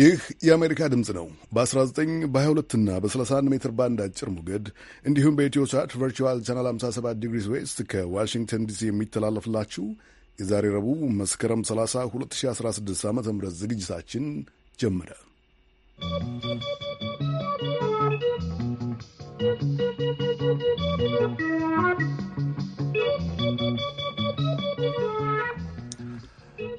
ይህ የአሜሪካ ድምፅ ነው። በ19 በ22ና በ31 ሜትር ባንድ አጭር ሞገድ እንዲሁም በኢትዮ ሳት ቨርቹዋል ቻናል 57 ዲግሪስ ዌስት ከዋሽንግተን ዲሲ የሚተላለፍላችሁ የዛሬ ረቡዕ መስከረም 30 2016 ዓ ም ዝግጅታችን ጀመረ።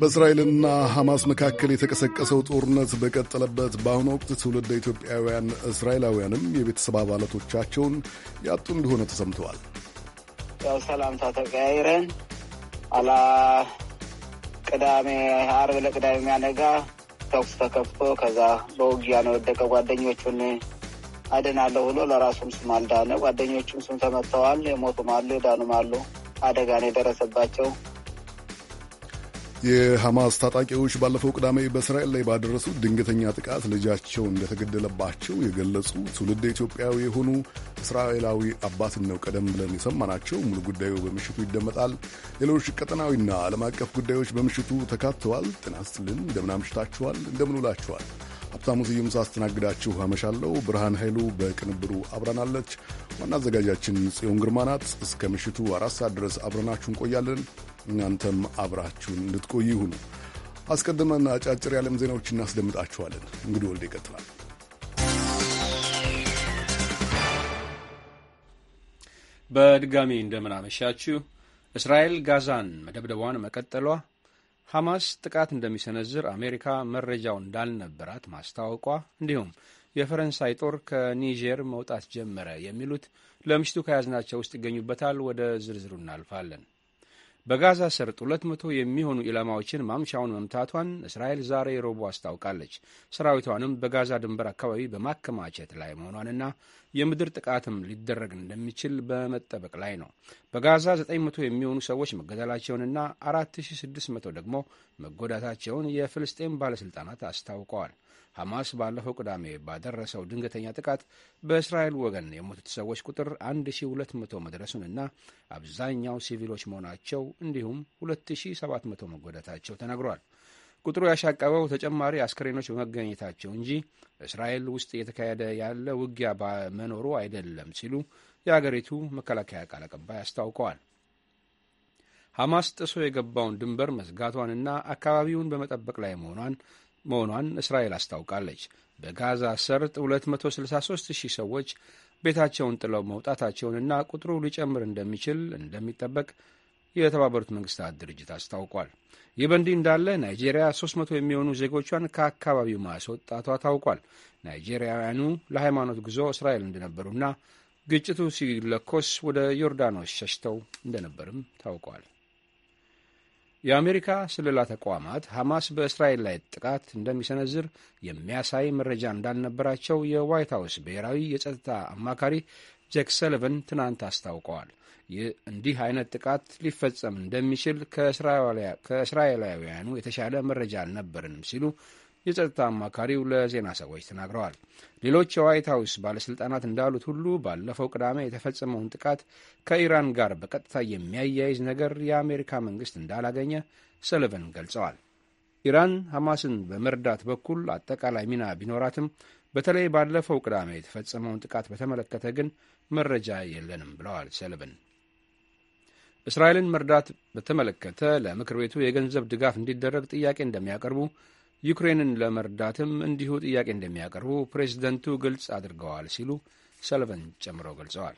በእስራኤልና ሐማስ መካከል የተቀሰቀሰው ጦርነት በቀጠለበት በአሁኑ ወቅት ትውልደ ኢትዮጵያውያን እስራኤላውያንም የቤተሰብ አባላቶቻቸውን ያጡ እንደሆነ ተሰምተዋል። ያው ሰላምታ ተቀያይረን አላ ቅዳሜ አርብ ለቅዳሜ የሚያነጋ ተኩስ ተከፍቶ ከዛ በውጊያ ነው ወደቀ። ጓደኞቹን አድናለሁ ብሎ ለራሱም ስም አልዳነ። ጓደኞቹም ስም ተመትተዋል። የሞቱም አሉ፣ የዳኑም አሉ። አደጋ ነው የደረሰባቸው። የሐማስ ታጣቂዎች ባለፈው ቅዳሜ በእስራኤል ላይ ባደረሱት ድንገተኛ ጥቃት ልጃቸው እንደተገደለባቸው የገለጹ ትውልደ ኢትዮጵያዊ የሆኑ እስራኤላዊ አባትን ነው ቀደም ብለን የሰማናቸው። ሙሉ ጉዳዩ በምሽቱ ይደመጣል። ሌሎች ቀጠናዊና ዓለም አቀፍ ጉዳዮች በምሽቱ ተካተዋል። ጤና ይስጥልን። እንደምን አምሽታችኋል? እንደምን ውላችኋል? ሀብታሙ ስዩም ሳስተናግዳችሁ አመሻለሁ። ብርሃን ኃይሉ በቅንብሩ አብራናለች። ዋና አዘጋጃችን ጽዮን ግርማ ናት። እስከ ምሽቱ አራት ሰዓት ድረስ አብረናችሁ እንቆያለን። እናንተም አብራችሁን እንድትቆዩ ይሁኑ። አስቀድመን አጫጭር የዓለም ዜናዎች እናስደምጣችኋለን። እንግዲህ ወልደ ይቀጥላል። በድጋሚ እንደምናመሻችሁ። እስራኤል ጋዛን መደብደቧን መቀጠሏ፣ ሐማስ ጥቃት እንደሚሰነዝር አሜሪካ መረጃው እንዳልነበራት ማስታወቋ፣ እንዲሁም የፈረንሳይ ጦር ከኒጀር መውጣት ጀመረ የሚሉት ለምሽቱ ከያዝናቸው ውስጥ ይገኙበታል። ወደ ዝርዝሩ እናልፋለን። በጋዛ ሰርጥ 200 የሚሆኑ ኢላማዎችን ማምሻውን መምታቷን እስራኤል ዛሬ ረቡዕ አስታውቃለች። ሰራዊቷንም በጋዛ ድንበር አካባቢ በማከማቸት ላይ መሆኗንና የምድር ጥቃትም ሊደረግ እንደሚችል በመጠበቅ ላይ ነው። በጋዛ 900 የሚሆኑ ሰዎች መገደላቸውንና 4600 ደግሞ መጎዳታቸውን የፍልስጤም ባለሥልጣናት አስታውቀዋል። ሐማስ ባለፈው ቅዳሜ ባደረሰው ድንገተኛ ጥቃት በእስራኤል ወገን የሞቱት ሰዎች ቁጥር 1200 መድረሱንና አብዛኛው ሲቪሎች መሆናቸው እንዲሁም 2700 መጎዳታቸው ተነግሯል። ቁጥሩ ያሻቀበው ተጨማሪ አስክሬኖች በመገኘታቸው እንጂ እስራኤል ውስጥ እየተካሄደ ያለ ውጊያ በመኖሩ አይደለም ሲሉ የአገሪቱ መከላከያ ቃል አቀባይ አስታውቀዋል። ሐማስ ጥሶ የገባውን ድንበር መዝጋቷንና አካባቢውን በመጠበቅ ላይ መሆኗን መሆኗን እስራኤል አስታውቃለች። በጋዛ ሰርጥ 263 ሺህ ሰዎች ቤታቸውን ጥለው መውጣታቸውንና ቁጥሩ ሊጨምር እንደሚችል እንደሚጠበቅ የተባበሩት መንግስታት ድርጅት አስታውቋል። ይህ በእንዲህ እንዳለ ናይጄሪያ 300 የሚሆኑ ዜጎቿን ከአካባቢው ማስወጣቷ ታውቋል። ናይጄሪያውያኑ ለሃይማኖት ጉዞ እስራኤል እንደነበሩና ግጭቱ ሲለኮስ ወደ ዮርዳኖስ ሸሽተው እንደነበርም ታውቋል። የአሜሪካ ስለላ ተቋማት ሐማስ በእስራኤል ላይ ጥቃት እንደሚሰነዝር የሚያሳይ መረጃ እንዳልነበራቸው የዋይት ሀውስ ብሔራዊ የጸጥታ አማካሪ ጄክ ሰልቨን ትናንት አስታውቀዋል። ይህ እንዲህ አይነት ጥቃት ሊፈጸም እንደሚችል ከእስራኤላውያኑ የተሻለ መረጃ አልነበርንም ሲሉ የጸጥታ አማካሪው ለዜና ሰዎች ተናግረዋል። ሌሎች የዋይት ሀውስ ባለሥልጣናት እንዳሉት ሁሉ ባለፈው ቅዳሜ የተፈጸመውን ጥቃት ከኢራን ጋር በቀጥታ የሚያያይዝ ነገር የአሜሪካ መንግሥት እንዳላገኘ ሰለቨን ገልጸዋል። ኢራን ሐማስን በመርዳት በኩል አጠቃላይ ሚና ቢኖራትም በተለይ ባለፈው ቅዳሜ የተፈጸመውን ጥቃት በተመለከተ ግን መረጃ የለንም ብለዋል ሰለቨን። እስራኤልን መርዳት በተመለከተ ለምክር ቤቱ የገንዘብ ድጋፍ እንዲደረግ ጥያቄ እንደሚያቀርቡ ዩክሬንን ለመርዳትም እንዲሁ ጥያቄ እንደሚያቀርቡ ፕሬዚደንቱ ግልጽ አድርገዋል ሲሉ ሰልቨን ጨምረው ገልጸዋል።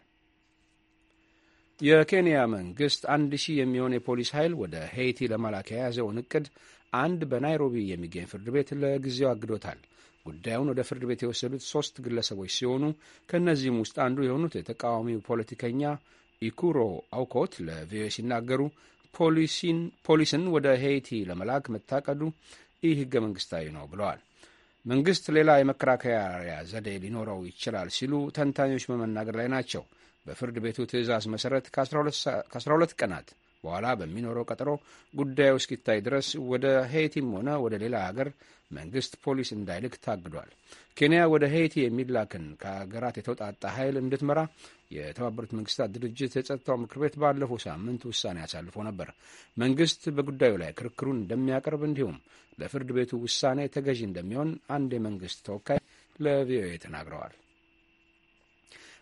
የኬንያ መንግሥት አንድ ሺህ የሚሆን የፖሊስ ኃይል ወደ ሄይቲ ለመላክ የያዘውን እቅድ አንድ በናይሮቢ የሚገኝ ፍርድ ቤት ለጊዜው አግዶታል። ጉዳዩን ወደ ፍርድ ቤት የወሰዱት ሦስት ግለሰቦች ሲሆኑ ከእነዚህም ውስጥ አንዱ የሆኑት የተቃዋሚው ፖለቲከኛ ኢኩሮ አውኮት ለቪኦኤ ሲናገሩ ፖሊስን ወደ ሄይቲ ለመላክ መታቀዱ ይህ ህገ መንግስታዊ ነው ብለዋል። መንግስት ሌላ የመከራከሪያ ዘዴ ሊኖረው ይችላል ሲሉ ተንታኞች በመናገር ላይ ናቸው። በፍርድ ቤቱ ትዕዛዝ መሠረት ከ12 ቀናት በኋላ በሚኖረው ቀጠሮ ጉዳዩ እስኪታይ ድረስ ወደ ሄይቲም ሆነ ወደ ሌላ አገር መንግስት ፖሊስ እንዳይልክ ታግዷል። ኬንያ ወደ ሄይቲ የሚላክን ከሀገራት የተውጣጣ ኃይል እንድትመራ የተባበሩት መንግስታት ድርጅት የጸጥታው ምክር ቤት ባለፈው ሳምንት ውሳኔ አሳልፎ ነበር። መንግስት በጉዳዩ ላይ ክርክሩን እንደሚያቀርብ እንዲሁም ለፍርድ ቤቱ ውሳኔ ተገዢ እንደሚሆን አንድ የመንግስት ተወካይ ለቪኦኤ ተናግረዋል።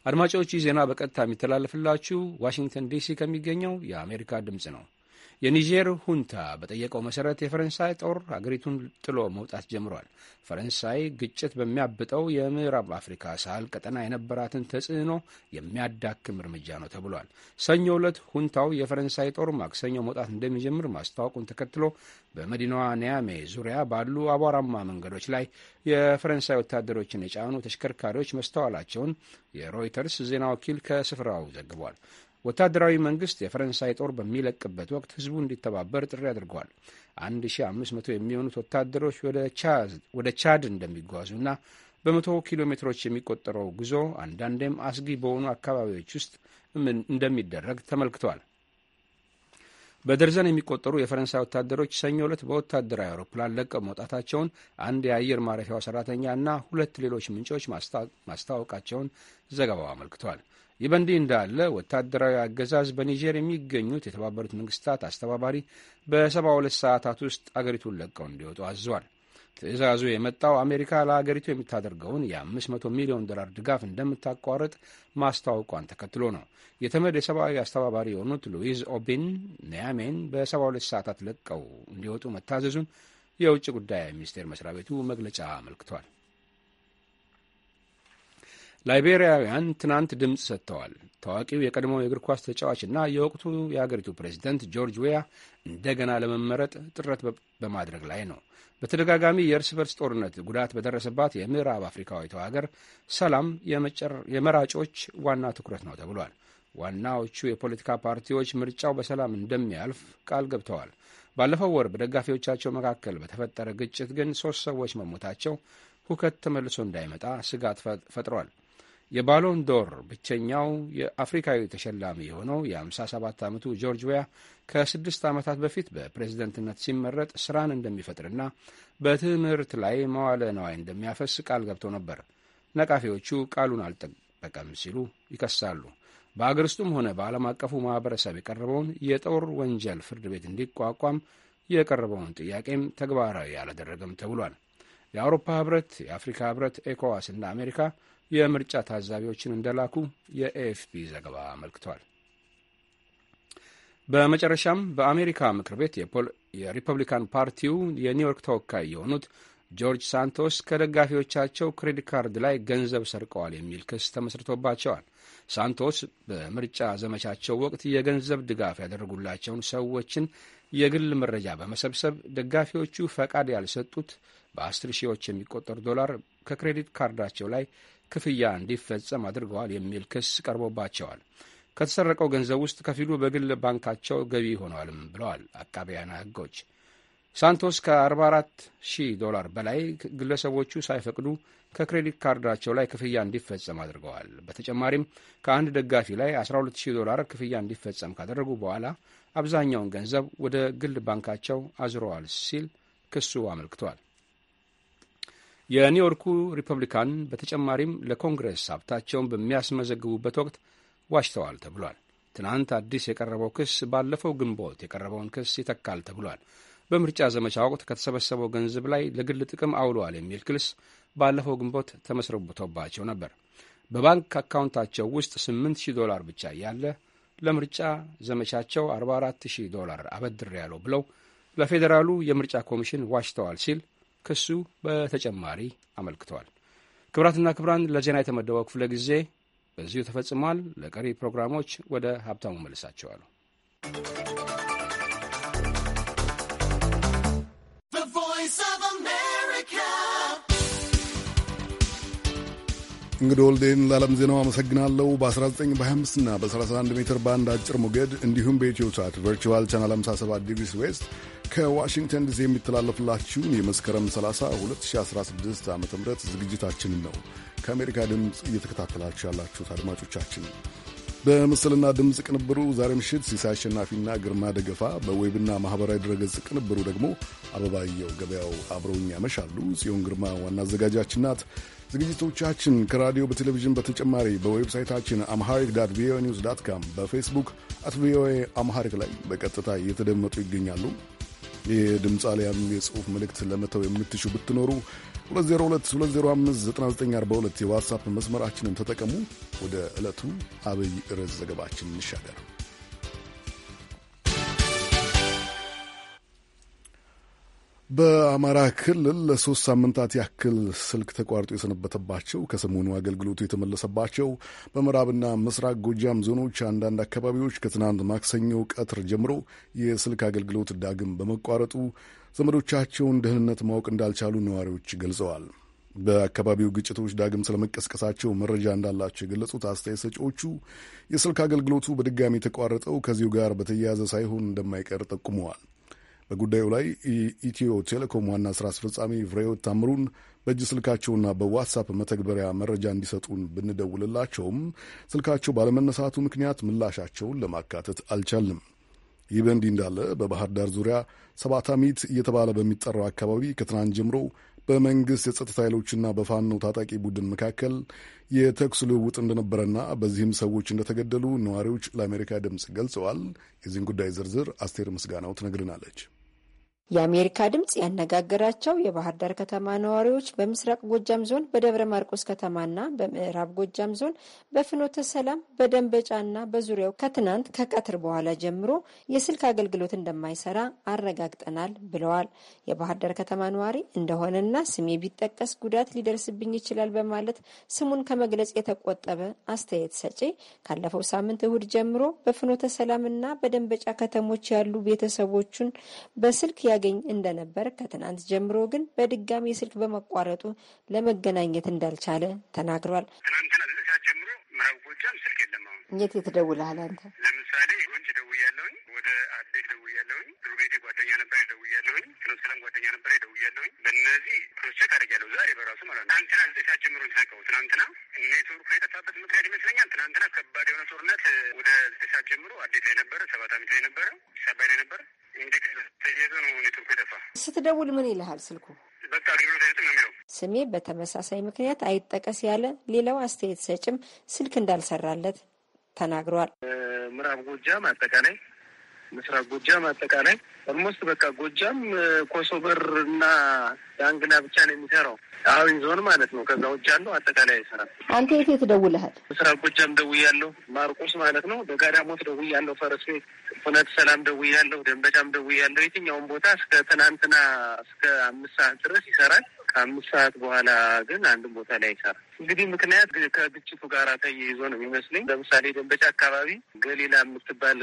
አድማጮች ይህ ዜና በቀጥታ የሚተላለፍላችሁ ዋሽንግተን ዲሲ ከሚገኘው የአሜሪካ ድምፅ ነው። የኒጀር ሁንታ በጠየቀው መሰረት የፈረንሳይ ጦር አገሪቱን ጥሎ መውጣት ጀምሯል። ፈረንሳይ ግጭት በሚያብጠው የምዕራብ አፍሪካ ሳህል ቀጠና የነበራትን ተጽዕኖ የሚያዳክም እርምጃ ነው ተብሏል። ሰኞ ዕለት ሁንታው የፈረንሳይ ጦር ማክሰኞ መውጣት እንደሚጀምር ማስታወቁን ተከትሎ በመዲናዋ ኒያሜ ዙሪያ ባሉ አቧራማ መንገዶች ላይ የፈረንሳይ ወታደሮችን የጫኑ ተሽከርካሪዎች መስተዋላቸውን የሮይተርስ ዜና ወኪል ከስፍራው ዘግቧል። ወታደራዊ መንግስት የፈረንሳይ ጦር በሚለቅበት ወቅት ህዝቡ እንዲተባበር ጥሪ አድርጓል። 1500 የሚሆኑት ወታደሮች ወደ ቻድ እንደሚጓዙና በመቶ ኪሎ ሜትሮች የሚቆጠረው ጉዞ አንዳንዴም አስጊ በሆኑ አካባቢዎች ውስጥ እንደሚደረግ ተመልክቷል። በደርዘን የሚቆጠሩ የፈረንሳይ ወታደሮች ሰኞ ዕለት በወታደራዊ አውሮፕላን ለቀው መውጣታቸውን አንድ የአየር ማረፊያው ሰራተኛ እና ሁለት ሌሎች ምንጮች ማስታወቃቸውን ዘገባው አመልክቷል። ይህ በእንዲህ እንዳለ ወታደራዊ አገዛዝ በኒጀር የሚገኙት የተባበሩት መንግስታት አስተባባሪ በ72 ሰዓታት ውስጥ አገሪቱን ለቀው እንዲወጡ አዟል። ትዕዛዙ የመጣው አሜሪካ ለአገሪቱ የምታደርገውን የ500 ሚሊዮን ዶላር ድጋፍ እንደምታቋርጥ ማስታወቋን ተከትሎ ነው። የተመድ የሰብአዊ አስተባባሪ የሆኑት ሉዊዝ ኦቢን ኒያሜን በ72 ሰዓታት ለቀው እንዲወጡ መታዘዙን የውጭ ጉዳይ ሚኒስቴር መስሪያ ቤቱ መግለጫ አመልክቷል። ላይቤሪያውያን ትናንት ድምፅ ሰጥተዋል። ታዋቂው የቀድሞ የእግር ኳስ ተጫዋችና የወቅቱ የአገሪቱ ፕሬዚደንት ጆርጅ ዌያ እንደገና ለመመረጥ ጥረት በማድረግ ላይ ነው። በተደጋጋሚ የእርስ በርስ ጦርነት ጉዳት በደረሰባት የምዕራብ አፍሪካዊቷ ሀገር ሰላም የመራጮች ዋና ትኩረት ነው ተብሏል። ዋናዎቹ የፖለቲካ ፓርቲዎች ምርጫው በሰላም እንደሚያልፍ ቃል ገብተዋል። ባለፈው ወር በደጋፊዎቻቸው መካከል በተፈጠረ ግጭት ግን ሶስት ሰዎች መሞታቸው ሁከት ተመልሶ እንዳይመጣ ስጋት ፈጥሯል። የባሎን ዶር ብቸኛው የአፍሪካዊ ተሸላሚ የሆነው የ57 ዓመቱ ጆርጅ ዌያ ከስድስት ዓመታት በፊት በፕሬዝደንትነት ሲመረጥ ስራን እንደሚፈጥርና በትምህርት ላይ መዋለ ነዋይ እንደሚያፈስ ቃል ገብቶ ነበር። ነቃፊዎቹ ቃሉን አልጠበቀም ሲሉ ይከሳሉ። በአገር ውስጡም ሆነ በዓለም አቀፉ ማህበረሰብ የቀረበውን የጦር ወንጀል ፍርድ ቤት እንዲቋቋም የቀረበውን ጥያቄም ተግባራዊ አላደረገም ተብሏል። የአውሮፓ ህብረት፣ የአፍሪካ ህብረት፣ ኤኮዋስ እና አሜሪካ የምርጫ ታዛቢዎችን እንደላኩ የኤኤፍፒ ዘገባ አመልክቷል። በመጨረሻም በአሜሪካ ምክር ቤት የሪፐብሊካን ፓርቲው የኒውዮርክ ተወካይ የሆኑት ጆርጅ ሳንቶስ ከደጋፊዎቻቸው ክሬዲት ካርድ ላይ ገንዘብ ሰርቀዋል የሚል ክስ ተመስርቶባቸዋል። ሳንቶስ በምርጫ ዘመቻቸው ወቅት የገንዘብ ድጋፍ ያደረጉላቸውን ሰዎችን የግል መረጃ በመሰብሰብ ደጋፊዎቹ ፈቃድ ያልሰጡት በአስር ሺዎች የሚቆጠሩ ዶላር ከክሬዲት ካርዳቸው ላይ ክፍያ እንዲፈጸም አድርገዋል የሚል ክስ ቀርቦባቸዋል። ከተሰረቀው ገንዘብ ውስጥ ከፊሉ በግል ባንካቸው ገቢ ሆነዋልም ብለዋል አቃቢያነ ሕጎች። ሳንቶስ ከ44 ሺህ ዶላር በላይ ግለሰቦቹ ሳይፈቅዱ ከክሬዲት ካርዳቸው ላይ ክፍያ እንዲፈጸም አድርገዋል። በተጨማሪም ከአንድ ደጋፊ ላይ 12 ሺህ ዶላር ክፍያ እንዲፈጸም ካደረጉ በኋላ አብዛኛውን ገንዘብ ወደ ግል ባንካቸው አዙረዋል ሲል ክሱ አመልክቷል። የኒውዮርኩ ሪፐብሊካን በተጨማሪም ለኮንግረስ ሀብታቸውን በሚያስመዘግቡበት ወቅት ዋሽተዋል ተብሏል። ትናንት አዲስ የቀረበው ክስ ባለፈው ግንቦት የቀረበውን ክስ ይተካል ተብሏል። በምርጫ ዘመቻ ወቅት ከተሰበሰበው ገንዘብ ላይ ለግል ጥቅም አውለዋል የሚል ክስ ባለፈው ግንቦት ተመስርቶባቸው ነበር። በባንክ አካውንታቸው ውስጥ 8000 ዶላር ብቻ ያለ ለምርጫ ዘመቻቸው 44000 ዶላር አበድር ያለው ብለው ለፌዴራሉ የምርጫ ኮሚሽን ዋሽተዋል ሲል ክሱ በተጨማሪ አመልክቷል። ክብራትና ክብራን ለዜና የተመደበው ክፍለ ጊዜ በዚሁ ተፈጽሟል። ለቀሪ ፕሮግራሞች ወደ ሀብታሙ መልሳቸዋሉ። እንግዲህ ወልዴን ለዓለም ዜናው አመሰግናለሁ። በ19 በ25 እና በ31 ሜትር ባንድ አጭር ሞገድ እንዲሁም በኢትዮ ሰዓት ቨርቹዋል ቻናል 57 ዲግሪስ ዌስት ከዋሽንግተን ዲሲ የሚተላለፍላችሁን የመስከረም 30 2016 ዓ ም ዝግጅታችንን ነው ከአሜሪካ ድምፅ እየተከታተላችሁ ያላችሁት አድማጮቻችን። በምስልና ድምፅ ቅንብሩ ዛሬ ምሽት ሲሳይ አሸናፊና ግርማ ደገፋ፣ በዌብና ማኅበራዊ ድረገጽ ቅንብሩ ደግሞ አበባየው ገበያው አብረውኝ ያመሻሉ። ጽዮን ግርማ ዋና አዘጋጃችን ናት። ዝግጅቶቻችን ከራዲዮ በቴሌቪዥን በተጨማሪ በዌብሳይታችን አምሃሪክ ዳት ቪኦኤ ኒውስ ዳት ካም፣ በፌስቡክ አት ቪኦኤ አምሃሪክ ላይ በቀጥታ እየተደመጡ ይገኛሉ። የድምፅ አሊያም የጽሁፍ መልእክት ለመተው የምትሹ ብትኖሩ 2022059942 የዋትሳፕ መስመራችንን ተጠቀሙ። ወደ ዕለቱ አብይ ርዕስ ዘገባችን እንሻገር። በአማራ ክልል ለሶስት ሳምንታት ያክል ስልክ ተቋርጦ የሰነበተባቸው ከሰሞኑ አገልግሎቱ የተመለሰባቸው በምዕራብና ምስራቅ ጎጃም ዞኖች አንዳንድ አካባቢዎች ከትናንት ማክሰኞ ቀትር ጀምሮ የስልክ አገልግሎት ዳግም በመቋረጡ ዘመዶቻቸውን ደህንነት ማወቅ እንዳልቻሉ ነዋሪዎች ገልጸዋል። በአካባቢው ግጭቶች ዳግም ስለመቀስቀሳቸው መረጃ እንዳላቸው የገለጹት አስተያየት ሰጪዎቹ የስልክ አገልግሎቱ በድጋሚ የተቋረጠው ከዚሁ ጋር በተያያዘ ሳይሆን እንደማይቀር ጠቁመዋል። በጉዳዩ ላይ ኢትዮ ቴሌኮም ዋና ስራ አስፈጻሚ ፍሬሕይወት ታምሩን በእጅ ስልካቸውና በዋትሳፕ መተግበሪያ መረጃ እንዲሰጡን ብንደውልላቸውም ስልካቸው ባለመነሳቱ ምክንያት ምላሻቸውን ለማካተት አልቻልም። ይህ በእንዲህ እንዳለ በባህር ዳር ዙሪያ ሚት እየተባለ በሚጠራው አካባቢ ከትናንት ጀምሮ በመንግስት የጸጥታ ኃይሎችና በፋኖ ታጣቂ ቡድን መካከል የተኩስ ልውውጥ እንደነበረና በዚህም ሰዎች እንደተገደሉ ነዋሪዎች ለአሜሪካ ድምፅ ገልጸዋል። የዚህን ጉዳይ ዝርዝር አስቴር ምስጋናው ትነግርናለች። የአሜሪካ ድምፅ ያነጋገራቸው የባህር ዳር ከተማ ነዋሪዎች በምስራቅ ጎጃም ዞን በደብረ ማርቆስ ከተማና በምዕራብ ጎጃም ዞን በፍኖተ ሰላም በደንበጫና በዙሪያው ከትናንት ከቀትር በኋላ ጀምሮ የስልክ አገልግሎት እንደማይሰራ አረጋግጠናል ብለዋል። የባህር ዳር ከተማ ነዋሪ እንደሆነና ስሜ ቢጠቀስ ጉዳት ሊደርስብኝ ይችላል በማለት ስሙን ከመግለጽ የተቆጠበ አስተያየት ሰጪ ካለፈው ሳምንት እሁድ ጀምሮ በፍኖተ ሰላምና በደንበጫ ከተሞች ያሉ ቤተሰቦቹን በስልክ ያገኝ እንደነበር ከትናንት ጀምሮ ግን በድጋሚ ስልክ በመቋረጡ ለመገናኘት እንዳልቻለ ተናግሯል። ትናንትና ዘጠኝ ሰዓት የት የት አንተ? ለምሳሌ ጎንጅ ደውያለሁኝ፣ ወደ አዴት ደውያለሁኝ፣ ሩቤቴ ጓደኛ ነበር ደውያለሁኝ፣ ትኖስለም ጓደኛ ነበር ደውያለሁኝ። በእነዚህ ክሮስቼክ አደርጋለሁ ዛሬ በራሱ ማለት ነው። ትናንትና ዘጠኝ ሰዓት ጀምሮ ተቀው ትናንትና ኔትወርኩ የጠፋበት ምክንያት ይመስለኛል። ትናንትና ከባድ የሆነ ጦርነት ወደ ዘጠኝ ሰዓት ጀምሮ አዴት ላይ ነበረ፣ ሰባት አመት ላይ ነበረ፣ ሰባይ ላይ ነበረ ስትደውል ምን ይልሃል ስልኩ? ስሜ በተመሳሳይ ምክንያት አይጠቀስ ያለ ሌላው አስተያየት ሰጭም ስልክ እንዳልሰራለት ተናግሯል። ምዕራብ ጎጃም አጠቃላይ ምስራቅ ጎጃም አጠቃላይ ኦልሞስት በቃ ጎጃም ኮሶበር እና ዳንግላ ብቻ ነው የሚሰራው አዊ ዞን ማለት ነው። ከዛ ውጭ ያለው አጠቃላይ አይሰራም። አንተ የት የት ደውለሃል? ምስራቅ ጎጃም ደውያለሁ፣ ማርቆስ ማለት ነው። በጋዳሞት ደውያለሁ፣ ፈረስ ቤት፣ ፍኖተ ሰላም ደውያለሁ፣ ደንበጫም ደውያለሁ። የትኛውን ቦታ እስከ ትናንትና እስከ አምስት ሰዓት ድረስ ይሰራል። ከአምስት ሰዓት በኋላ ግን አንድም ቦታ ላይ አይሰራም። እንግዲህ ምክንያት ከግጭቱ ጋር ተያይዞ ነው የሚመስለኝ። ለምሳሌ ደንበጫ አካባቢ ገሊላ የምትባል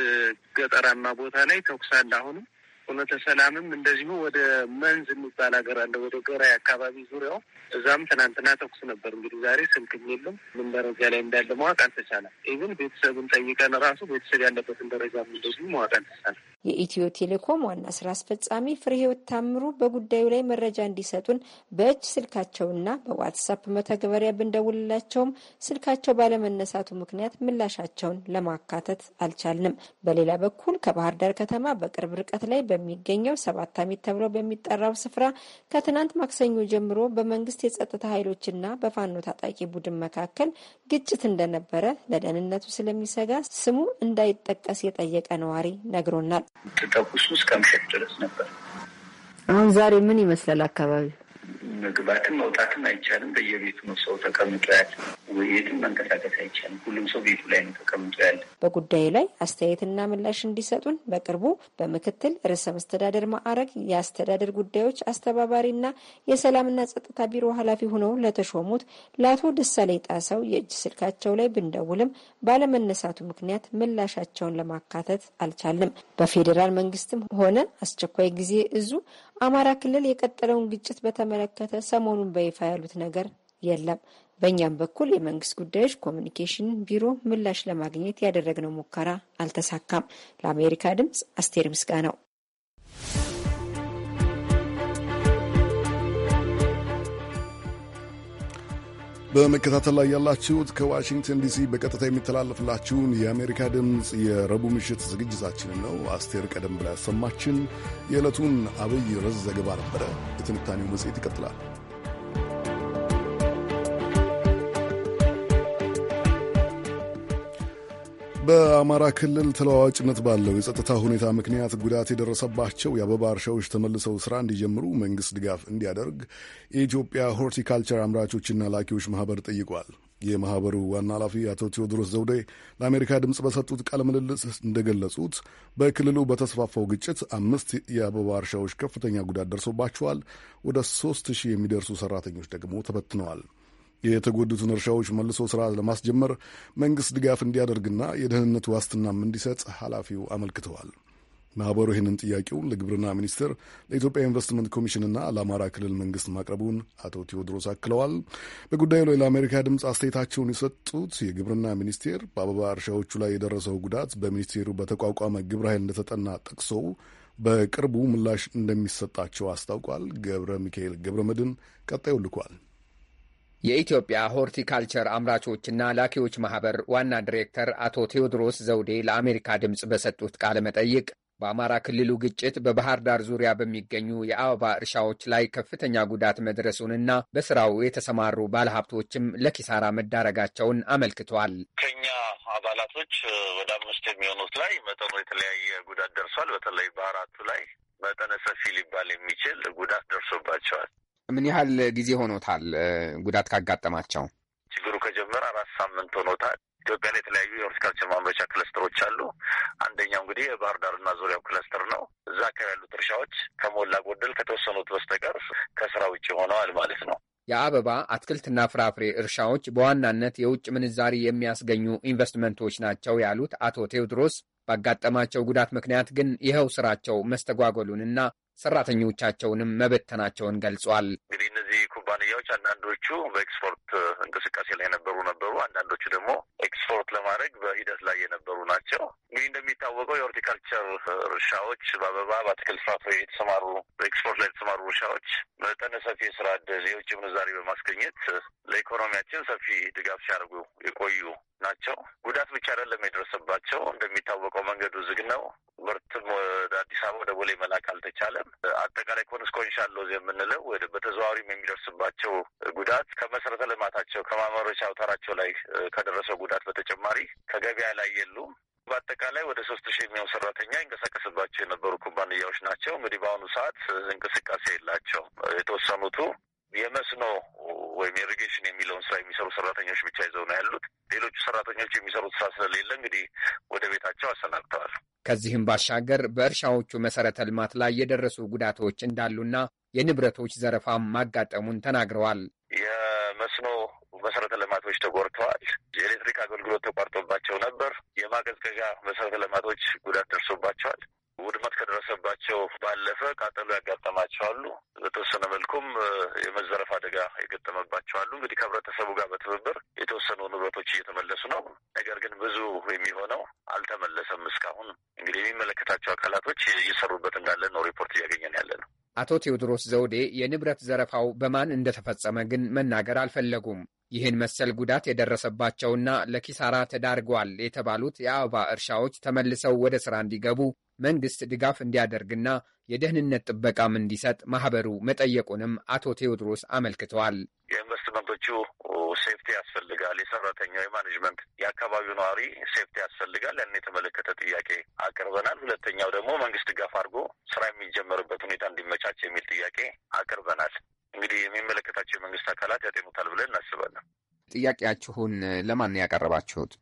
ገጠራማ ቦታ ላይ ተኩስ አለ አሁንም ሁነተ ሰላምም እንደዚሁ ወደ መንዝ የሚባል ሀገር አለ፣ ወደ ገራይ አካባቢ ዙሪያው። እዛም ትናንትና ተኩስ ነበር። እንግዲህ ዛሬ ስልክም የለም ምን ደረጃ ላይ እንዳለ ማወቅ አልተቻለም። ኢቭን ቤተሰብን ጠይቀን ራሱ ቤተሰብ ያለበትን ደረጃ እንደዚሁ ማወቅ አልተቻለም። የኢትዮ ቴሌኮም ዋና ስራ አስፈጻሚ ፍሬ ህይወት ታምሩ በጉዳዩ ላይ መረጃ እንዲሰጡን በእጅ ስልካቸውና በዋትሳፕ መተግበሪያ ብንደውልላቸውም ስልካቸው ባለመነሳቱ ምክንያት ምላሻቸውን ለማካተት አልቻልንም። በሌላ በኩል ከባህር ዳር ከተማ በቅርብ ርቀት ላይ በ በሚገኘው ሰባት አሚት ተብሎ በሚጠራው ስፍራ ከትናንት ማክሰኞ ጀምሮ በመንግስት የጸጥታ ኃይሎችና በፋኖ ታጣቂ ቡድን መካከል ግጭት እንደነበረ ለደህንነቱ ስለሚሰጋ ስሙ እንዳይጠቀስ የጠየቀ ነዋሪ ነግሮናል። ተኩሱ እስከ ምሽት ድረስ ነበር። አሁን ዛሬ ምን ይመስላል አካባቢው? መግባትም መውጣትም አይቻልም። በየቤቱ ነው ሰው ተቀምጦ ያለ። የትም መንቀሳቀስ አይቻልም። ሁሉም ሰው ቤቱ ላይ ነው ተቀምጦ ያለ። በጉዳዩ ላይ አስተያየትና ምላሽ እንዲሰጡን በቅርቡ በምክትል ርዕሰ መስተዳደር ማዕረግ የአስተዳደር ጉዳዮች አስተባባሪና የሰላምና ጸጥታ ቢሮ ኃላፊ ሆነው ለተሾሙት ለአቶ ደሳለኝ ጣሰው የእጅ ስልካቸው ላይ ብንደውልም ባለመነሳቱ ምክንያት ምላሻቸውን ለማካተት አልቻልም። በፌዴራል መንግስትም ሆነ አስቸኳይ ጊዜ እዙ አማራ ክልል የቀጠለውን ግጭት በተመለከተ ሰሞኑን በይፋ ያሉት ነገር የለም። በእኛም በኩል የመንግስት ጉዳዮች ኮሚኒኬሽን ቢሮ ምላሽ ለማግኘት ያደረግነው ሙከራ አልተሳካም። ለአሜሪካ ድምጽ አስቴር ምስጋ ነው። በመከታተል ላይ ያላችሁት ከዋሽንግተን ዲሲ በቀጥታ የሚተላለፍላችሁን የአሜሪካ ድምፅ የረቡዕ ምሽት ዝግጅታችንን ነው። አስቴር ቀደም ብላ ያሰማችን የዕለቱን አብይ ርዕስ ዘገባ ነበረ። የትንታኔው መጽሔት ይቀጥላል። በአማራ ክልል ተለዋዋጭነት ባለው የጸጥታ ሁኔታ ምክንያት ጉዳት የደረሰባቸው የአበባ እርሻዎች ተመልሰው ስራ እንዲጀምሩ መንግስት ድጋፍ እንዲያደርግ የኢትዮጵያ ሆርቲካልቸር አምራቾችና ላኪዎች ማህበር ጠይቋል። የማህበሩ ዋና ኃላፊ አቶ ቴዎድሮስ ዘውዴ ለአሜሪካ ድምፅ በሰጡት ቃለ ምልልስ እንደገለጹት በክልሉ በተስፋፋው ግጭት አምስት የአበባ እርሻዎች ከፍተኛ ጉዳት ደርሶባቸዋል። ወደ ሶስት ሺህ የሚደርሱ ሰራተኞች ደግሞ ተበትነዋል። የተጎዱትን እርሻዎች መልሶ ስራ ለማስጀመር መንግስት ድጋፍ እንዲያደርግና የደህንነት ዋስትናም እንዲሰጥ ኃላፊው አመልክተዋል። ማኅበሩ ይህንን ጥያቄውን ለግብርና ሚኒስቴር፣ ለኢትዮጵያ ኢንቨስትመንት ኮሚሽንና ለአማራ ክልል መንግስት ማቅረቡን አቶ ቴዎድሮስ አክለዋል። በጉዳዩ ላይ ለአሜሪካ ድምፅ አስተያየታቸውን የሰጡት የግብርና ሚኒስቴር በአበባ እርሻዎቹ ላይ የደረሰው ጉዳት በሚኒስቴሩ በተቋቋመ ግብረ ኃይል እንደተጠና ጠቅሰው በቅርቡ ምላሽ እንደሚሰጣቸው አስታውቋል። ገብረ ሚካኤል ገብረ መድን ቀጣዩ ልኳል። የኢትዮጵያ ሆርቲካልቸር አምራቾችና ላኪዎች ማህበር ዋና ዲሬክተር አቶ ቴዎድሮስ ዘውዴ ለአሜሪካ ድምፅ በሰጡት ቃለ መጠይቅ በአማራ ክልሉ ግጭት በባህር ዳር ዙሪያ በሚገኙ የአበባ እርሻዎች ላይ ከፍተኛ ጉዳት መድረሱንና በስራው የተሰማሩ ባለሀብቶችም ለኪሳራ መዳረጋቸውን አመልክቷል። ከኛ አባላቶች ወደ አምስት የሚሆኑት ላይ መጠኑ የተለያየ ጉዳት ደርሷል። በተለይ በአራቱ ላይ መጠነ ሰፊ ሊባል የሚችል ጉዳት ደርሶባቸዋል። ምን ያህል ጊዜ ሆኖታል ጉዳት ካጋጠማቸው? ችግሩ ከጀመረ አራት ሳምንት ሆኖታል። ኢትዮጵያ ላይ የተለያዩ የሆርቲካልቸር ማምረቻ ክለስተሮች አሉ። አንደኛው እንግዲህ የባህር ዳርና ዙሪያው ክለስተር ነው። እዛ አካባቢ ያሉት እርሻዎች ከሞላ ጎደል ከተወሰኑት በስተቀር ከስራ ውጭ ሆነዋል ማለት ነው። የአበባ አትክልትና ፍራፍሬ እርሻዎች በዋናነት የውጭ ምንዛሪ የሚያስገኙ ኢንቨስትመንቶች ናቸው ያሉት አቶ ቴዎድሮስ ባጋጠማቸው ጉዳት ምክንያት ግን ይኸው ስራቸው መስተጓጎሉንና ሰራተኞቻቸውንም መበተናቸውን ገልጿል። እንግዲህ እነዚህ ኩባንያዎች አንዳንዶቹ በኤክስፖርት እንቅስቃሴ ላይ የነበሩ ነበሩ። አንዳንዶቹ ደግሞ ኤክስፖርት ለማድረግ በሂደት ላይ የነበሩ ናቸው። እንግዲህ እንደሚታወቀው የሆርቲካልቸር እርሻዎች በአበባ፣ በአትክልት ፍራፍሬ የተሰማሩ በኤክስፖርት ላይ የተሰማሩ እርሻዎች መጠነ ሰፊ የስራ ዕድል፣ የውጭ ምንዛሪ በማስገኘት ለኢኮኖሚያችን ሰፊ ድጋፍ ሲያደርጉ የቆዩ ናቸው። ጉዳት ብቻ አይደለም የደረሰባቸው። እንደሚታወቀው መንገዱ ዝግ ነው። ምርትም ወደ አዲስ አበባ ወደ ቦሌ መላክ አልተቻለም። አጠቃላይ ኮንስኮንሻሎዝ የምንለው በተዘዋዋሪም የሚደርስ ከደረሰባቸው ጉዳት ከመሰረተ ልማታቸው ከማመሮች አውታራቸው ላይ ከደረሰው ጉዳት በተጨማሪ ከገበያ ላይ የሉም። በአጠቃላይ ወደ ሶስት ሺህ የሚሆን ሰራተኛ ይንቀሳቀስባቸው የነበሩ ኩባንያዎች ናቸው። እንግዲህ በአሁኑ ሰዓት እንቅስቃሴ የላቸውም። የተወሰኑቱ የመስኖ ወይም ኢሪጌሽን የሚለውን ስራ የሚሰሩ ሰራተኞች ብቻ ይዘው ነው ያሉት። ሌሎቹ ሰራተኞች የሚሰሩት ስራ ስለሌለ እንግዲህ ወደ ቤታቸው አሰናብተዋል። ከዚህም ባሻገር በእርሻዎቹ መሰረተ ልማት ላይ የደረሱ ጉዳቶች እንዳሉና የንብረቶች ዘረፋም ማጋጠሙን ተናግረዋል። የመስኖ መሰረተ ልማቶች ተጎድተዋል። የኤሌክትሪክ አገልግሎት ተቋርጦባቸው ነበር። የማቀዝቀዣ መሰረተ ልማቶች ጉዳት ደርሶባቸዋል። ውድመት ከደረሰባቸው ባለፈ ቃጠሎ ያጋጠማቸዋሉ። በተወሰነ መልኩም የመዘረፍ አደጋ የገጠመባቸዋሉ። እንግዲህ ከህብረተሰቡ ጋር በትብብር የተወሰኑ ንብረቶች እየተመለሱ ነው። ነገር ግን ብዙ የሚሆነው አልተመለሰም። እስካሁን እንግዲህ የሚመለከታቸው አካላቶች እየሰሩበት እንዳለ ነው ሪፖርት እያገኘን ያለ ነው። አቶ ቴዎድሮስ ዘውዴ የንብረት ዘረፋው በማን እንደተፈጸመ ግን መናገር አልፈለጉም። ይህን መሰል ጉዳት የደረሰባቸውና ለኪሳራ ተዳርጓል የተባሉት የአበባ እርሻዎች ተመልሰው ወደ ስራ እንዲገቡ መንግስት ድጋፍ እንዲያደርግና የደህንነት ጥበቃም እንዲሰጥ ማህበሩ መጠየቁንም አቶ ቴዎድሮስ አመልክተዋል። የኢንቨስትመንቶቹ ሴፍቲ ያስፈልጋል። የሰራተኛው የማኔጅመንት፣ የአካባቢው ነዋሪ ሴፍቲ ያስፈልጋል። ያን የተመለከተ ጥያቄ አቅርበናል። ሁለተኛው ደግሞ መንግስት ድጋፍ አድርጎ ስራ የሚጀመርበት ሁኔታ እንዲመቻች የሚል ጥያቄ አቅርበናል። እንግዲህ የሚመለከታቸው የመንግስት አካላት ያጤኑታል ብለን እናስባለን። ጥያቄያችሁን ለማን ያቀረባችሁት?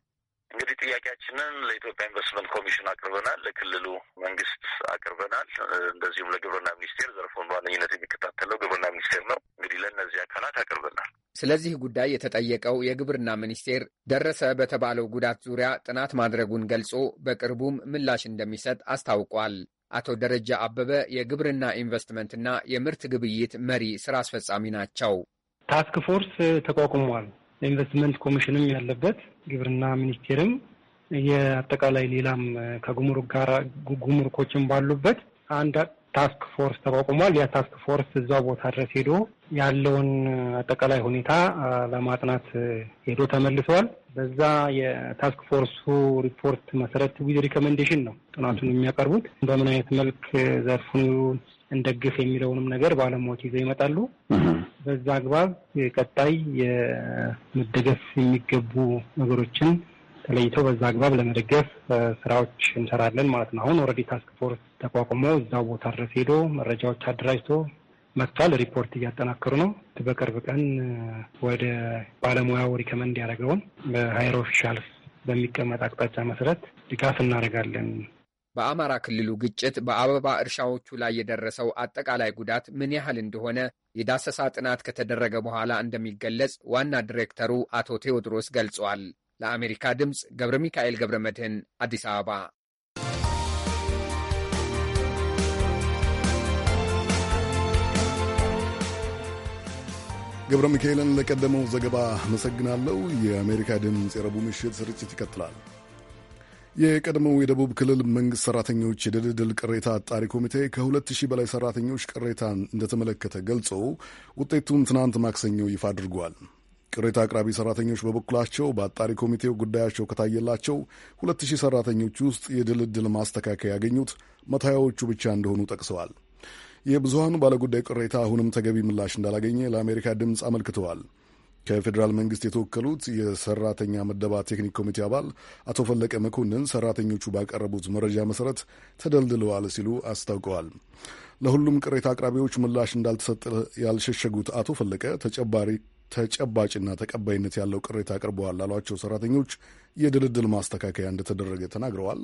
እንግዲህ ጥያቄያችንን ለኢትዮጵያ ኢንቨስትመንት ኮሚሽን አቅርበናል፣ ለክልሉ መንግስት አቅርበናል፣ እንደዚሁም ለግብርና ሚኒስቴር። ዘርፎን በዋነኝነት የሚከታተለው ግብርና ሚኒስቴር ነው። እንግዲህ ለእነዚህ አካላት አቅርበናል። ስለዚህ ጉዳይ የተጠየቀው የግብርና ሚኒስቴር ደረሰ በተባለው ጉዳት ዙሪያ ጥናት ማድረጉን ገልጾ በቅርቡም ምላሽ እንደሚሰጥ አስታውቋል። አቶ ደረጃ አበበ የግብርና ኢንቨስትመንትና የምርት ግብይት መሪ ስራ አስፈጻሚ ናቸው። ታስክ ፎርስ ተቋቁሟል። ኢንቨስትመንት ኮሚሽንም ያለበት ግብርና ሚኒስቴርም የአጠቃላይ ሌላም ከጉምሩክ ጋር ጉምሩኮችም ባሉበት አንድ ታስክ ፎርስ ተቋቁሟል። ያ ታስክ ፎርስ እዛ ቦታ ድረስ ሄዶ ያለውን አጠቃላይ ሁኔታ ለማጥናት ሄዶ ተመልሰዋል። በዛ የታስክ ፎርሱ ሪፖርት መሰረት ዊዝ ሪኮሜንዴሽን ነው ጥናቱን የሚያቀርቡት በምን አይነት መልክ ዘርፉን እንደግፍ የሚለውንም ነገር ባለሙያዎች ይዘው ይመጣሉ። በዛ አግባብ ቀጣይ የመደገፍ የሚገቡ ነገሮችን ተለይተው በዛ አግባብ ለመደገፍ ስራዎች እንሰራለን ማለት ነው። አሁን ኦልሬዲ ታስክ ፎርስ ተቋቁሞ እዛው ቦታ ድረስ ሄዶ መረጃዎች አደራጅቶ መጥቷል። ሪፖርት እያጠናከሩ ነው። በቅርብ ቀን ወደ ባለሙያው ሪከመንድ ያደረገውን በሀይር ኦፊሻል በሚቀመጥ አቅጣጫ መሰረት ድጋፍ እናደርጋለን በአማራ ክልሉ ግጭት በአበባ እርሻዎቹ ላይ የደረሰው አጠቃላይ ጉዳት ምን ያህል እንደሆነ የዳሰሳ ጥናት ከተደረገ በኋላ እንደሚገለጽ ዋና ዲሬክተሩ አቶ ቴዎድሮስ ገልጿል። ለአሜሪካ ድምፅ ገብረ ሚካኤል ገብረ መድህን አዲስ አበባ። ገብረ ሚካኤልን ለቀደመው ዘገባ አመሰግናለሁ። የአሜሪካ ድምፅ የረቡዕ ምሽት ስርጭት ይቀጥላል። የቀድሞው የደቡብ ክልል መንግስት ሰራተኞች የድልድል ቅሬታ አጣሪ ኮሚቴ ከሁለት ሺህ በላይ ሰራተኞች ቅሬታን እንደተመለከተ ገልጾ ውጤቱን ትናንት ማክሰኞ ይፋ አድርጓል። ቅሬታ አቅራቢ ሰራተኞች በበኩላቸው በአጣሪ ኮሚቴው ጉዳያቸው ከታየላቸው ሁለት ሰራተኞች ውስጥ የድልድል ማስተካከያ ያገኙት መታያዎቹ ብቻ እንደሆኑ ጠቅሰዋል። የብዙሃኑ ባለጉዳይ ቅሬታ አሁንም ተገቢ ምላሽ እንዳላገኘ ለአሜሪካ ድምፅ አመልክተዋል። ከፌዴራል መንግስት የተወከሉት የሰራተኛ መደባ ቴክኒክ ኮሚቴ አባል አቶ ፈለቀ መኮንን ሰራተኞቹ ባቀረቡት መረጃ መሰረት ተደልድለዋል ሲሉ አስታውቀዋል። ለሁሉም ቅሬታ አቅራቢዎች ምላሽ እንዳልተሰጠ ያልሸሸጉት አቶ ፈለቀ ተጨባሪ ተጨባጭና ተቀባይነት ያለው ቅሬታ አቅርበዋል ላሏቸው ሰራተኞች የድልድል ማስተካከያ እንደተደረገ ተናግረዋል።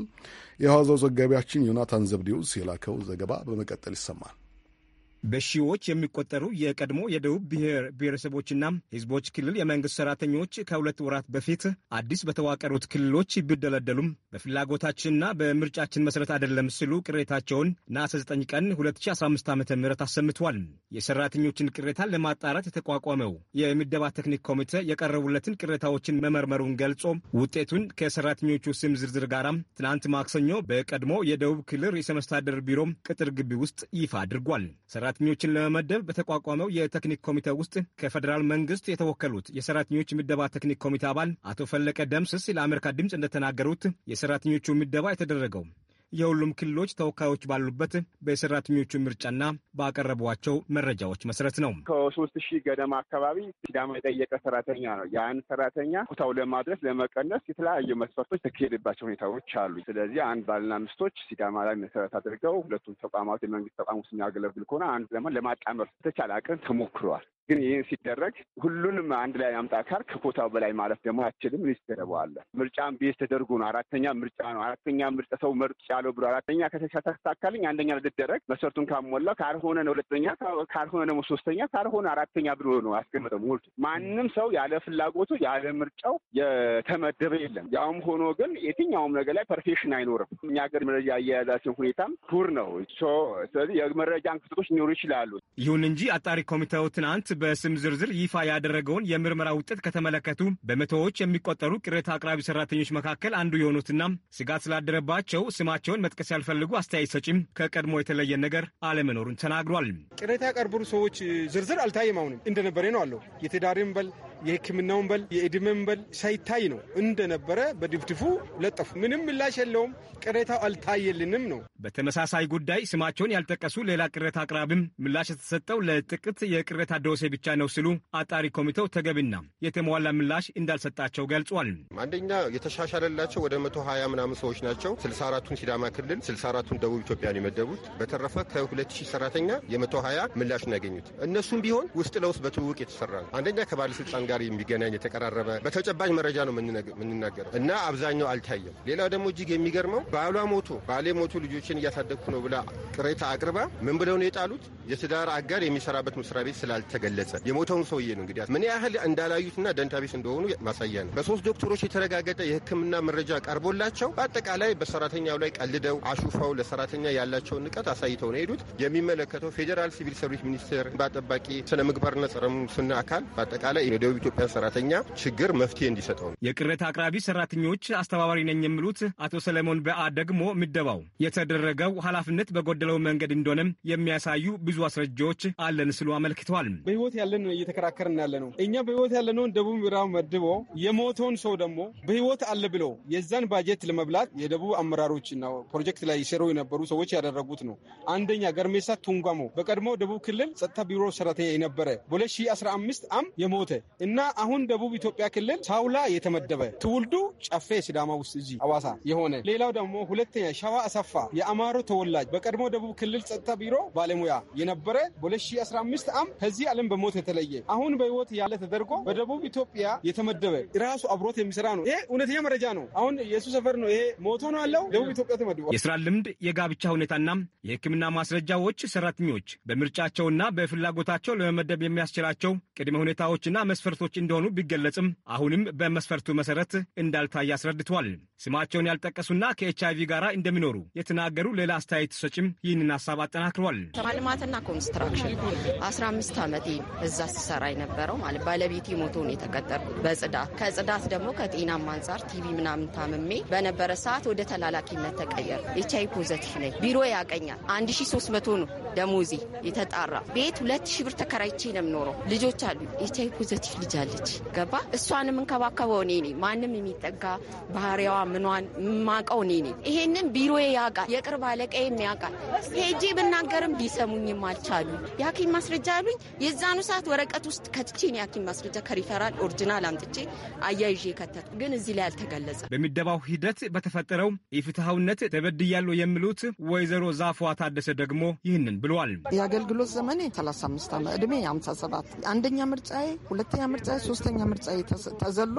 የሐዋዛው ዘጋቢያችን ዮናታን ዘብዴውስ የላከው ዘገባ በመቀጠል ይሰማል። በሺዎች የሚቆጠሩ የቀድሞ የደቡብ ብሔር ብሔረሰቦችና ሕዝቦች ክልል የመንግስት ሰራተኞች ከሁለት ወራት በፊት አዲስ በተዋቀሩት ክልሎች ቢደለደሉም በፍላጎታችንና በምርጫችን መሰረት አይደለም ሲሉ ቅሬታቸውን ነሐሴ 9 ቀን 2015 ዓ ም አሰምቷል። የሰራተኞችን ቅሬታ ለማጣራት የተቋቋመው የምደባ ቴክኒክ ኮሚቴ የቀረቡለትን ቅሬታዎችን መመርመሩን ገልጾ ውጤቱን ከሰራተኞቹ ስም ዝርዝር ጋር ትናንት ማክሰኞ በቀድሞ የደቡብ ክልል ርዕሰ መስተዳድር ቢሮ ቅጥር ግቢ ውስጥ ይፋ አድርጓል። ሰራተኞችን ለመመደብ በተቋቋመው የቴክኒክ ኮሚቴ ውስጥ ከፌዴራል መንግስት የተወከሉት የሰራተኞች ምደባ ቴክኒክ ኮሚቴ አባል አቶ ፈለቀ ደምስስ ለአሜሪካ ድምፅ እንደተናገሩት የሰራተኞቹ ምደባ የተደረገው የሁሉም ክልሎች ተወካዮች ባሉበት በሰራተኞቹ ምርጫና ባቀረቧቸው መረጃዎች መሰረት ነው። ከሶስት ሺህ ገደማ አካባቢ ሲዳማ የጠየቀ ሰራተኛ ነው። ያን ሰራተኛ ቦታው ለማድረስ ለመቀነስ የተለያዩ መስፈርቶች ተካሄደባቸው ሁኔታዎች አሉ። ስለዚህ አንድ ባልና ሚስቶች ሲዳማ ላይ መሰረት አድርገው ሁለቱም ተቋማት የመንግስት ተቋም ውስጥ የሚያገለግል ከሆነ አንድ ለማጣመር የተቻለ አቅም ተሞክረዋል። ግን ይህን ሲደረግ ሁሉንም አንድ ላይ አምጣ ካልክ ከኮታው በላይ ማለፍ ደግሞ አችልም። ይስደረበዋለ ምርጫን ቤዝ ተደርጎ ነው። አራተኛ ምርጫ ነው። አራተኛ ምርጫ ሰው መርጥ ያለው ብሎ አራተኛ ከተሳካልኝ አንደኛ ልደረግ መሰርቱን ካሞላ ካልሆነ ነው ሁለተኛ፣ ካልሆነ ደግሞ ሶስተኛ፣ ካልሆነ አራተኛ ብሎ ነው አስቀምጠ ሞልቱ ማንም ሰው ያለ ፍላጎቱ ያለ ምርጫው የተመደበ የለም። ያውም ሆኖ ግን የትኛውም ነገር ላይ ፐርፌክሽን አይኖርም። እኛ ገር መረጃ አያያዛችን ሁኔታም ፑር ነው። ስለዚህ የመረጃ እንክፍቶች ሊኖሩ ይችላሉ። ይሁን እንጂ አጣሪ ኮሚቴው ትናንት በስም ዝርዝር ይፋ ያደረገውን የምርመራ ውጤት ከተመለከቱ በመቶዎች የሚቆጠሩ ቅሬታ አቅራቢ ሰራተኞች መካከል አንዱ የሆኑትና ስጋት ስላደረባቸው ስማቸውን መጥቀስ ያልፈልጉ አስተያየት ሰጪም ከቀድሞ የተለየ ነገር አለመኖሩን ተናግሯል። ቅሬታ ያቀርቡ ሰዎች ዝርዝር አልታየም። አሁንም እንደነበረ ነው አለው የትዳርም በል የሕክምናውን በል የእድሜን በል ሳይታይ ነው እንደነበረ በድፍድፉ ለጠፉ። ምንም ምላሽ የለውም። ቅሬታው አልታየልንም ነው። በተመሳሳይ ጉዳይ ስማቸውን ያልጠቀሱ ሌላ ቅሬታ አቅራቢም ምላሽ የተሰጠው ለጥቂት የቅሬታ ደወሴ ብቻ ነው ሲሉ አጣሪ ኮሚቴው ተገቢና የተሟላ ምላሽ እንዳልሰጣቸው ገልጿል። አንደኛ የተሻሻለላቸው ወደ መቶ ሀያ ምናምን ሰዎች ናቸው። ስልሳ አራቱን ሲዳማ ክልል፣ ስልሳ አራቱን ደቡብ ኢትዮጵያን የመደቡት በተረፈ ከሁለት ሺህ ሰራተኛ የመቶ ሀያ ምላሽ ነው ያገኙት። እነሱም ቢሆን ውስጥ ለውስጥ በትውውቅ የተሰራ ነው። አንደኛ ከባለስልጣን ጋር የሚገናኝ የተቀራረበ በተጨባጭ መረጃ ነው የምንናገረው እና አብዛኛው አልታየም። ሌላው ደግሞ እጅግ የሚገርመው ባሏ ሞቶ ባሌ ሞቶ ልጆችን እያሳደግኩ ነው ብላ ቅሬታ አቅርባ ምን ብለው ነው የጣሉት? የትዳር አጋር የሚሰራበት መስሪያ ቤት ስላልተገለጸ የሞተውን ሰውዬ ነው እንግዲህ ምን ያህል እንዳላዩትና ደንታ ቤት እንደሆኑ ማሳያ ነው። በሶስት ዶክተሮች የተረጋገጠ የሕክምና መረጃ ቀርቦላቸው በአጠቃላይ በሰራተኛው ላይ ቀልደው አሹፈው ለሰራተኛ ያላቸውን ንቀት አሳይተው ነው የሄዱት። የሚመለከተው ፌዴራል ሲቪል ሰርቪስ ሚኒስቴር፣ በአጠባቂ ስነ ምግባርና ጸረ ሙስና አካል በአጠቃላይ የደቡብ የኢትዮጵያ ሰራተኛ ችግር መፍትሄ እንዲሰጠው ነው። የቅሬታ አቅራቢ ሰራተኞች አስተባባሪ ነኝ የሚሉት አቶ ሰለሞን በአ ደግሞ ምደባው የተደረገው ኃላፊነት በጎደለው መንገድ እንደሆነም የሚያሳዩ ብዙ አስረጃዎች አለን ስሉ አመልክተዋል። በህይወት ያለን እየተከራከርን ያለ ነው። እኛ በህይወት ያለነውን ደቡብ ምዕራብ መድቦ የሞተውን ሰው ደግሞ በህይወት አለ ብሎ የዛን ባጀት ለመብላት የደቡብ አመራሮችና ፕሮጀክት ላይ ሲሰሩ የነበሩ ሰዎች ያደረጉት ነው። አንደኛ ገርሜሳ ቱንጓሞ በቀድሞ ደቡብ ክልል ጸጥታ ቢሮ ሰራተኛ የነበረ በ2015 ዓም የሞተ እና አሁን ደቡብ ኢትዮጵያ ክልል ሳውላ የተመደበ ትውልዱ ጨፌ ሲዳማ ውስጥ እዚህ አዋሳ የሆነ ሌላው ደግሞ ሁለተኛ ሸዋ አሰፋ የአማሮ ተወላጅ በቀድሞ ደቡብ ክልል ጸጥታ ቢሮ ባለሙያ የነበረ በ2015 ዓም ከዚህ ዓለም በሞት የተለየ አሁን በህይወት ያለ ተደርጎ በደቡብ ኢትዮጵያ የተመደበ ራሱ አብሮት የሚሰራ ነው። ይሄ እውነተኛ መረጃ ነው። አሁን የእሱ ሰፈር ነው። ይሄ ሞቶ ነው ያለው ደቡብ ኢትዮጵያ ተመድቧል። የስራ ልምድ፣ የጋብቻ ሁኔታና የህክምና ማስረጃዎች ሰራተኞች በምርጫቸውና በፍላጎታቸው ለመመደብ የሚያስችላቸው ቅድመ ሁኔታዎችና መስፈር መስፈርቶች እንደሆኑ ቢገለጽም አሁንም በመስፈርቱ መሰረት እንዳልታየ አስረድተዋል። ስማቸውን ያልጠቀሱና ከኤች አይቪ ጋር እንደሚኖሩ የተናገሩ ሌላ አስተያየት ሰጭም ይህንን ሀሳብ አጠናክሯል። ልማትና ኮንስትራክሽን አስራ ዓመቴ እዛ ስሰራ የነበረው ማለት ባለቤቴ ሞቶ ነው በጽዳት ከጽዳት ደግሞ ከጤናም አንጻር ቲቪ ምናምን ታምሜ በነበረ ሰዓት ወደ ተላላኪነት ተቀየር። ኤች ፖዘቲቭ ነኝ። ቢሮ ያቀኛል አንድ ሺ ሶስት መቶ ነው ደሞዜ የተጣራ ቤት ሁለት ሺ ብር ተከራይቼ ነው የምኖረው። ልጆች አሉ ኤች ፖዘቲቭ ልጃለች ገባ እሷንም እንከባከበው እኔ ነኝ። ማንም የሚጠጋ ባህሪዋ ምኗን የማውቀው እኔ ነኝ። ይሄንን ቢሮዬ ያውቃል፣ የቅርብ አለቃዬም ያውቃል። ሄጄ ብናገርም ቢሰሙኝ አልቻሉ። የሐኪም ማስረጃ ያሉኝ የዛኑ ሰዓት ወረቀት ውስጥ ከትቼን የሐኪም ማስረጃ ከሪፈራል ኦሪጂናል አምጥቼ አያይዤ ከተት፣ ግን እዚህ ላይ አልተገለጸ። በሚደባው ሂደት በተፈጠረው የፍትሐውነት ተበድያለሁ የሚሉት ወይዘሮ ዛፏ ታደሰ ደግሞ ይህንን ብለዋል። የአገልግሎት ዘመኔ 35 ዕድሜ 57 አንደኛ ምርጫዬ ሁለተኛ ምርጫ፣ ሶስተኛ ምርጫ ተዘሎ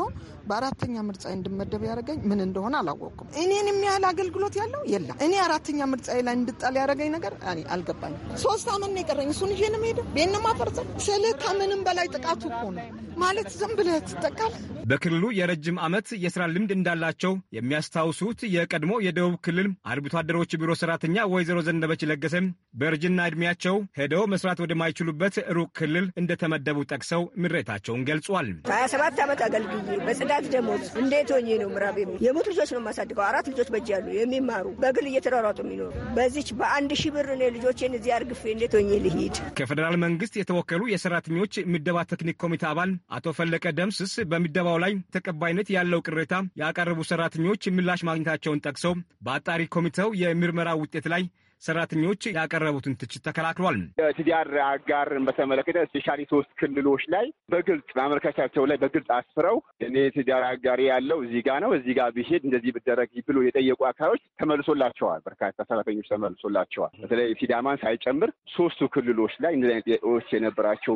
በአራተኛ ምርጫ እንድመደብ ያደረገኝ ምን እንደሆነ አላወቅኩም። እኔን የሚያህል አገልግሎት ያለው የለም። እኔ አራተኛ ምርጫ ላይ እንድጣል ያደረገኝ ነገር አልገባኝም። ሶስት አመት የቀረኝ። እሱን ይዤ ነው የምሄደው። ቤት ማፈርሰ ስለ ከምንም በላይ ጥቃቱ እኮ ነው ማለት ዝም ብለህ ትጠቃል። በክልሉ የረጅም አመት የስራ ልምድ እንዳላቸው የሚያስታውሱት የቀድሞ የደቡብ ክልል አርብቶ አደሮች ቢሮ ሰራተኛ ወይዘሮ ዘነበች ለገሰም በእርጅና እድሜያቸው ሄደው መስራት ወደማይችሉበት ሩቅ ክልል እንደተመደቡ ጠቅሰው ምሬታቸውን ገልጿል። ሀያ ሰባት ዓመት አገልግዬ በጽዳት ደሞዝ እንዴት ሆኜ ነው ምራብ የሚ የሙት ልጆች ነው የማሳድገው። አራት ልጆች በእጅ ያሉ የሚማሩ በግል እየተሯሯጡ የሚኖሩ በዚች በአንድ ሺህ ብር እኔ ልጆቼን እዚህ አርግፌ እንዴት ሆኜ ልሂድ? ከፌዴራል መንግስት የተወከሉ የሰራተኞች ምደባ ቴክኒክ ኮሚቴ አባል አቶ ፈለቀ ደምስስ በምደባው ላይ ተቀባይነት ያለው ቅሬታ ያቀረቡ ሰራተኞች ምላሽ ማግኘታቸውን ጠቅሰው በአጣሪ ኮሚቴው የምርመራ ውጤት ላይ ሰራተኞች ያቀረቡትን ትችት ተከላክሏል። የትዳር አጋርን በተመለከተ ስፔሻሊ ሶስት ክልሎች ላይ በግልጽ በአመልካቻቸው ላይ በግልጽ አስፍረው እኔ ትዳር አጋሪ ያለው እዚህ ጋ ነው እዚህ ጋ ብሄድ እንደዚህ ብደረግ ብሎ የጠየቁ አካሎች ተመልሶላቸዋል። በርካታ ሰራተኞች ተመልሶላቸዋል። በተለይ ሲዳማን ሳይጨምር ሶስቱ ክልሎች ላይ እንደዚህ አይነት ጥያቄዎች የነበራቸው